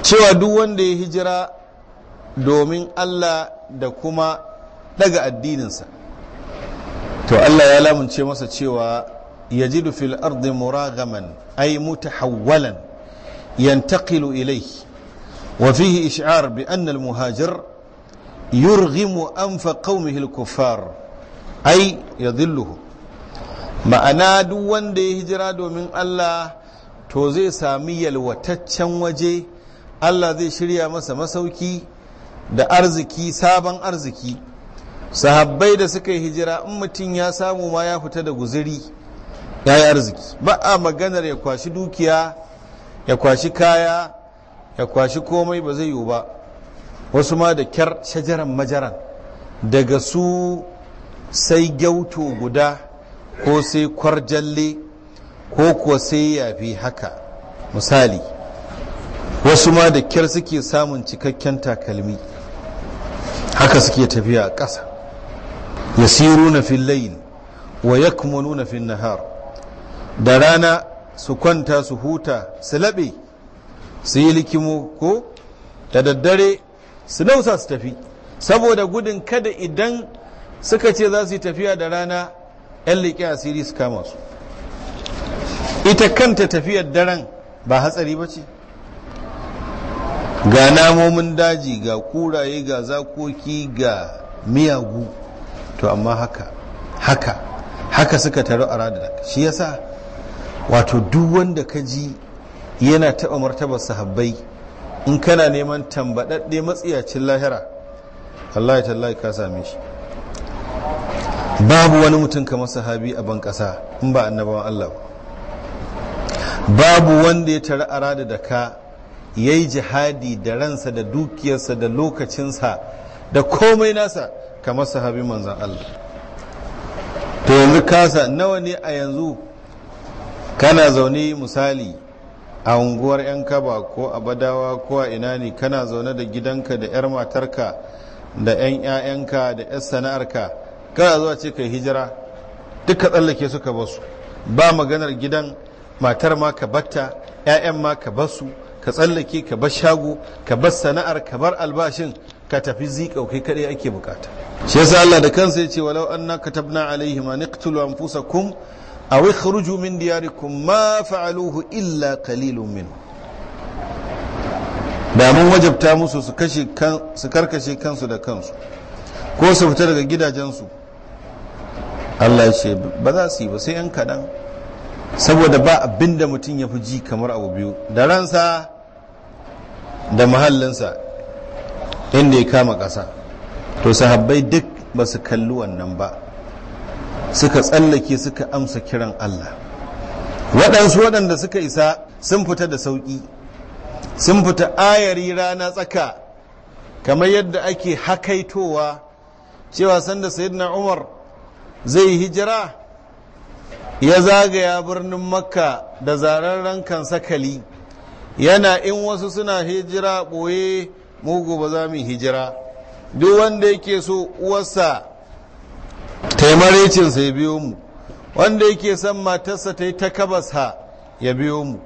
cewa duk wanda ya hijira domin Allah da kuma daga addininsa to Allah ya lamunce masa cewa ya ji fil ardi muragaman ay mutahawwalan yantaqilu ilayhi wa fihi ish'ar bi anna al muhajir yurghimu anfa qaumihi al kuffar ai ya zilluhu ma'ana duk wanda ya hijira domin Allah to zai sami yalwataccen waje Allah zai shirya masa masauki da arziki sabon arziki sahabbai da suka yi hijira in mutum ya samu ma ya fita da guziri ya yi arziki ba a maganar ya kwashi dukiya ya kwashi kaya ya kwashi komai ba zai yiwu ba wasu ma da kyar shajaran majaran daga su sai gyauto guda ko sai kwarjalle ko kuwa sai yafi haka misali wasu ma da kyar suke samun cikakken takalmi haka suke tafiya a ƙasa ya siru na fillayin wa ya na fin nahar da rana su kwanta su huta su laɓe su yi likimo ko da daddare su nausa su tafi saboda gudun kada idan suka ce za su yi tafiya da rana 'yan leƙi asiri su kama su ita kanta tafiyar daren ba hatsari ba ce ga namomin daji ga kuraye ga zakoki ga miyagu to amma haka haka haka suka taru a radar shi yasa wato duk wanda ka ji yana taɓa martabar sahabbai in kana neman tambaɗaɗɗe matsiyacin lahira Allah ya tallahi ka same shi babu wani mutum kamar sahabi a ban ƙasa in ba annabawan Allah babu wanda ya tara arada da ka ya jihadi da ransa da dukiyarsa da lokacinsa da komai nasa kamar sahabi manzan Allah to yanzu kasa nawa ne a yanzu kana zaune misali a unguwar 'yan kaba ko a badawa ko a ina ne kana zaune da gidanka da 'yar matarka da 'yan 'ya'yanka da 'yar sana'arka kada zuwa ce kai hijira duka tsallake suka basu ba maganar gidan matar ma ka batta 'ya'yan ma ka basu ka tsallake ka bar shago ka bar sana'ar ka bar albashin ka tafi zikau kai kadai ake bukata shi yasa Allah da kansa ya ce walau anna katabna alaihim an iqtulu anfusakum aw ikhruju min diyarikum ma fa'aluhu illa qalilun min da wajabta musu su su karkashe kansu da kansu ko su fita daga gidajensu Allah ya ce ba za su yi ba sai yan kaɗan saboda ba abin da mutum ya fi ji kamar abu biyu da ransa da mahallinsa inda ya kama ƙasa to sahabbai duk ba su kalli wannan ba suka tsallake suka amsa kiran Allah waɗansu waɗanda suka isa sun fita da sauƙi sun fita ayari rana tsaka kamar yadda ake hakaitowa cewa sanda sayyidina umar zai hijira ya zagaya birnin makka da zararren kan sakali yana in wasu suna hijira ɓoye mugu ba za mu hijira duk wanda yake so uwarsa taimarecin ya biyo mu wanda yake son matarsa ta yi ta kabasa ya biyo mu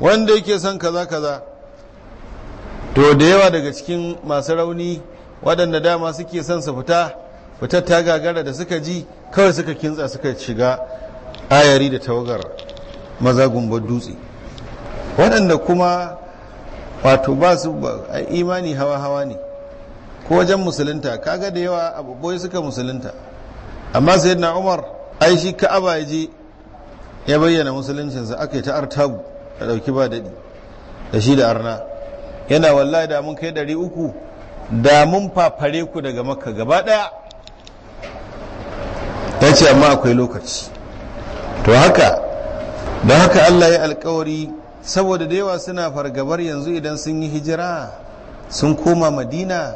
wanda yake son kaza kaza to da yawa daga cikin masu rauni waɗanda dama suke son su fita fitar ta gagara da suka ji kawai suka kintsa suka shiga ayari da tawagar maza gumbar dutse waɗanda kuma wato ba su ba imani hawa-hawa ne ko wajen musulunta kaga da yawa abubuwa suka musulunta amma sai na umar Aishi shi ka'aba ya je ya bayyana musuluncinsa aka yi ta artabu da ɗauki ba daɗi da shi da arna yana wallahi da mun kai ɗari uku da mun fafare ku daga makka gaba ɗaya ya ce amma akwai lokaci to haka da haka allah ya alkawari saboda da yawa suna fargabar yanzu idan sun yi hijira sun koma madina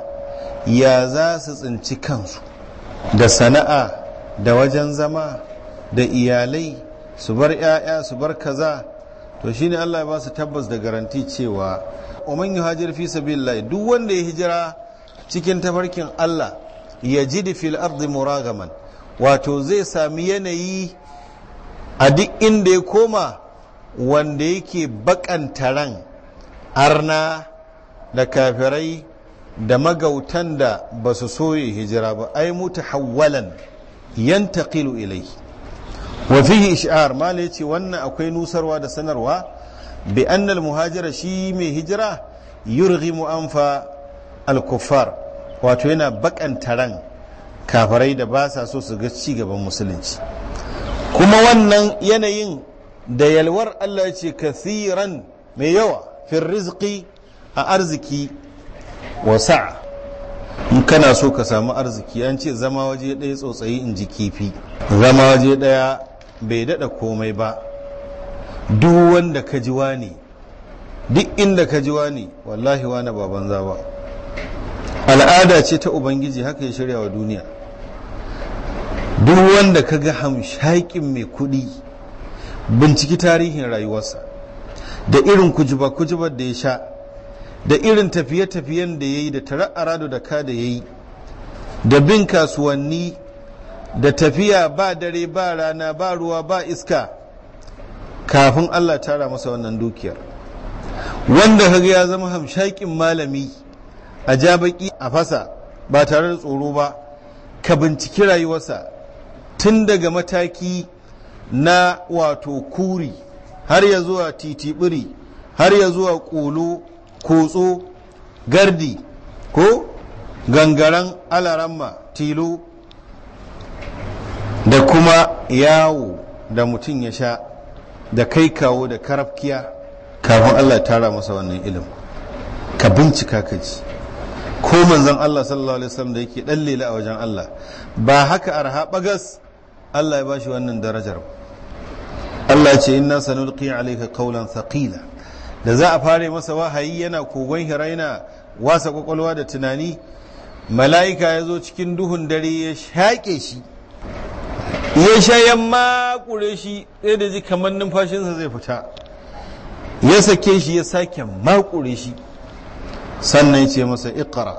ya za su tsinci kansu da sana'a da wajen zama da iyalai su bar 'ya'ya su bar kaza to shine allah ya ba su tabbas da garanti cewa umar yi hajjar fi sabilillah duk wanda ya hijira cikin tafarkin allah ya ji da fil ardi muragaman wato zai sami yanayi a duk inda ya koma wanda yake bakanta ran arna da kafirai da magautan da ba su soye hijira ba ai mutu hawwalan yantaqilu ilai Wafi fihi ish'ar mala yace wannan akwai nusarwa da sanarwa bi anna muhajira shi mai hijira yurghimu mu'amfa al kuffar wato yana bakanta ran kafarai da ba sa so su ga ci gaban musulunci kuma wannan yanayin da yalwar Allah ce kasiran mai yawa fi rizqi a arziki wasa in kana so ka samu arziki an ce zama waje ɗaya tsotsayi in ji kifi zama waje ɗaya bai daɗa komai ba duk wanda ka ji wani duk inda ka ji wani wallahi wani baban ba al'ada ce ta ubangiji haka ya shirya wa duniya duk wanda ka ga hamshakin mai kuɗi binciki tarihin rayuwarsa da irin kujiba-kujibar da ya sha da irin tafiye-tafiyen da ya yi da tara'ara da ka da ya yi da bin kasuwanni da tafiya ba dare ba rana ba ruwa ba iska kafin allah tara masa wannan dukiyar wanda kaga ya zama hamshakin malami a jabaki a fasa ba tare da tsoro ba ka binciki rayuwarsa tun daga mataki na wato kuri har ya zuwa titiɓiri har ya zuwa ƙolo kotso gardi ko gangaren alaramma tilo da kuma yawo da mutum ya sha da kai kawo da karafkiya kafin allah tara masa wannan ilim ka bincika ka ji ko manzon allah sallallahu alaihi wasallam da yake dan lela a wajen allah ba haka arha bagas Allah ya ba shi wannan darajar Allah ya ce inna sanulqi alayka qawlan thaqila da za a fare masa wahayi yana kogon hira yana wasa kwakwalwa da tunani mala'ika ya zo cikin duhun dare ya shaƙe shi ya shayan makure shi sai da ji kamar numfashinsa zai fita ya sake shi ya sake makure shi sannan ya ce masa ikara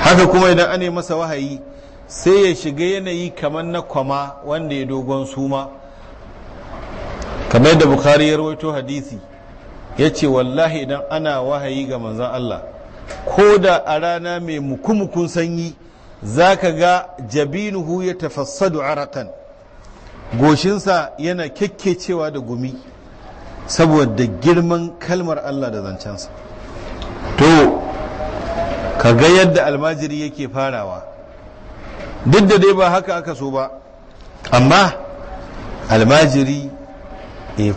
haka kuma idan ane masa wahayi sai ya shiga yanayi kamar na kwama wanda ya dogon suma kamar da bukari ya rawaito hadisi ya ce wallahi idan ana wahayi ga manzan Allah ko da a rana mai mukumukun sanyi za ka ga jabinuhu ya tafassadu arakan goshinsa yana kyakkecewa da gumi saboda girman kalmar Allah da zancensa to ka ga yadda almajiri yake farawa duk da dai ba haka aka so ba amma almajiri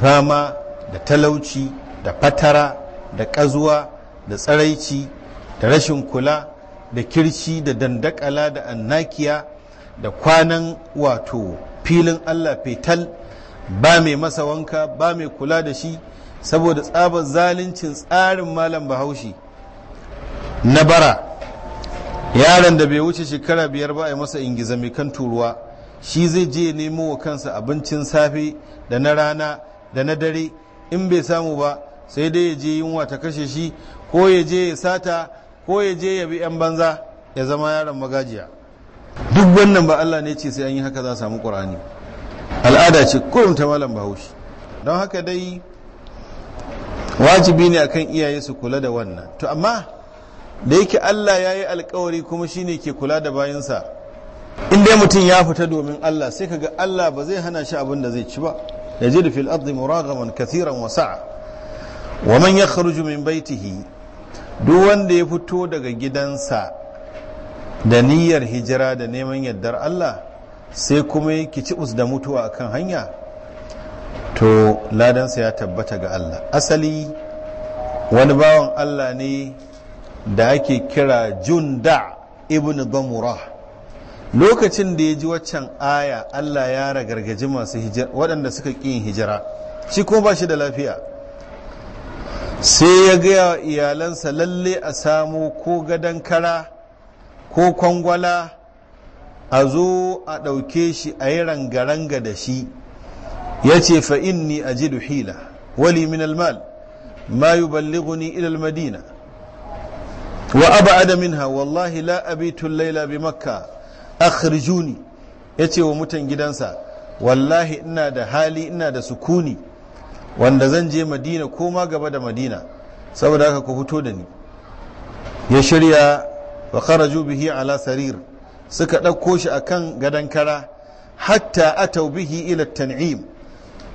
fama da talauci da fatara da ƙazuwa da tsaraici da rashin kula da kirci da dandakala da annakiya da kwanan wato filin allah fetal ba mai masa wanka ba mai kula da shi saboda tsabar zaluncin tsarin malam bahaushe na bara yaron da bai wuce shekara biyar ba a yi masa ingiza mai kan turuwa shi zai je nemo wa kansa abincin safe da na rana da na dare in bai samu ba sai dai ya je yunwa ta kashe shi ko ya je ya sata ko ya je ya bi 'yan banza ya zama yaron magajiya duk wannan ba Allah ne ce sai an yi haka za a samu ƙur'ani al'ada ce kurum ta malam bahaushe don haka dai wajibi ne akan iyaye su kula da wannan to amma da yake Allah ya yi alkawari kuma shine ke kula da bayansa in dai mutum ya fita domin Allah sai kaga Allah ba zai hana shi abin da zai ci ba Ya ji da fil'adzi muragaman kathiran wasa wa man yakhruju min baitihi duk wanda ya fito daga gidansa da niyyar hijira da neman yaddar Allah sai kuma ya kicibus da mutuwa akan hanya to ladansa ya tabbata ga Allah asali wani bawan Allah ne da ake kira da ibn damura lokacin da ya ji waccan aya Allah ya ragargaji masu hijira waɗanda suka ƙin hijira shi kuma ba shi da lafiya sai ya gaya wa iyalansa lalle a samu ko gadon kara ko kwangwala a zo a ɗauke shi a yi rangaranga da shi ya ce ni a ji hila wali min almal ma yi balliguni ilal madina وأبعد منها والله لا أبيت الليلة بمكة أخرجوني يتي ومتن جدنسا والله إنا da hali إنا da سكوني wanda zan je madina ko ma gaba da madina saboda haka ku fito da ni ya shirya wa kharaju bihi ala sarir suka ɗauko shi akan gadon kara hatta a bihi ila tan'im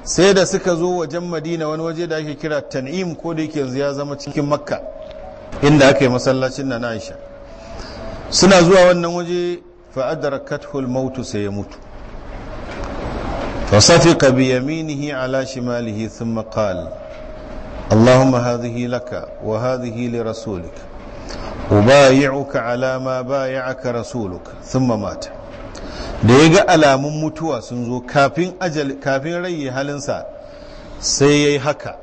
sai da suka zo wajen madina wani waje da ake kira tan'im ko da yake yanzu ya zama cikin makka inda aka yi masallacin na Aisha suna zuwa wannan waje fa adrakathu al sai ya mutu fa safiqa bi yaminihi ala shimalihi thumma qala laka wa hadhihi li لرسولك أبايعك ala ma bay'aka رسولك thumma mata da yaga alamun mutuwa sun zo kafin rayi halinsa sai ya haka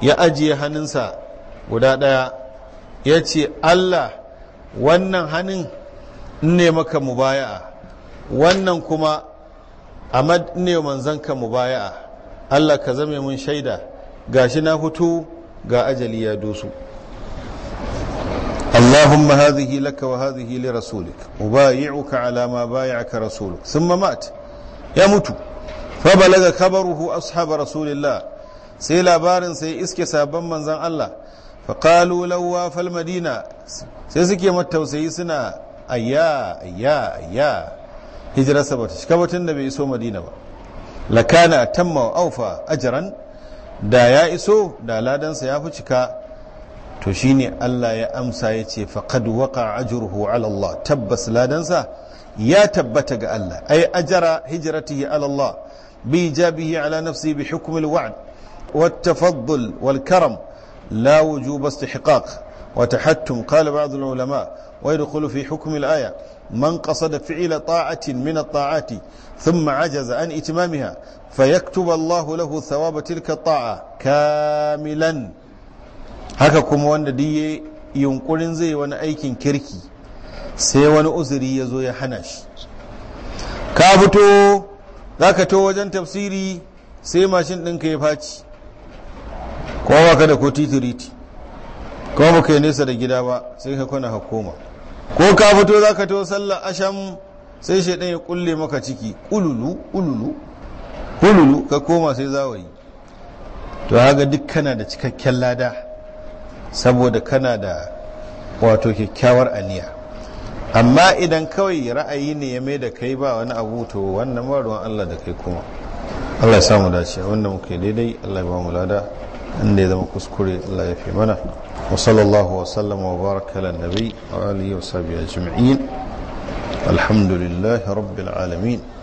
ya ajiye hannunsa guda ɗaya ya ce Allah wannan hannun ne maka mu baya wannan kuma a madne wa manzan ka mu baya Allah ka zame mun shaida ga shi na hutu ga ajali ya dosu Allahun ma ha zihi laka wa ha zihi lera solik yi uka alama baya aka rasolik sun ma ya mutu faba laga kabaruhu a sahabar rasulillah sai labarinsa ya iske sabon manzan Allah faƙalu lauwa falmadina sai suke matausayi suna ayya ayya ayya hijirarsa ba ta batun da bai iso madina ba lakana tamma aufa ajiran da ya iso da ladansa ya fi cika to shine Allah ya amsa ya ce faqad waqa ajruhu ala tabbas ladansa ya tabbata ga Allah ay ajara hijratihi ala bi ijabihi ala nafsi bi hukm al wa'd tafaddul wal karam لا وجوب استحقاق وتحتم قال بعض العلماء ويدخل في حكم الآية من قصد فعل طاعة من الطاعات ثم عجز عن إتمامها فيكتب الله له ثواب تلك الطاعة كاملا haka kuma wanda duk ya yunkurin zai wani aikin kirki sai wani uzuri ya zo ya hana shi ka fito za ka to wajen tafsiri sai mashin ɗinka ya faci kuma ba da ko titiriti kuma ba ka nesa da gida ba sai ka kwana hakoma ko ka fito za ka to sallar asham sai shaidan ya kulle maka ciki ƙululu ƙululu ka koma sai zawayi to haga duk kana da cikakken lada saboda kana da wato kyakkyawar aniya amma idan kawai ra'ayi ne ya mai da kai ba wani abu to wannan ba allah da kai kuma allah ya samu dace muka muke daidai allah ya ba mu lada اني دم كسكري لا يفي منا وصلى الله وسلم وبارك على النبي وعلى اله وصحبه اجمعين الحمد لله رب العالمين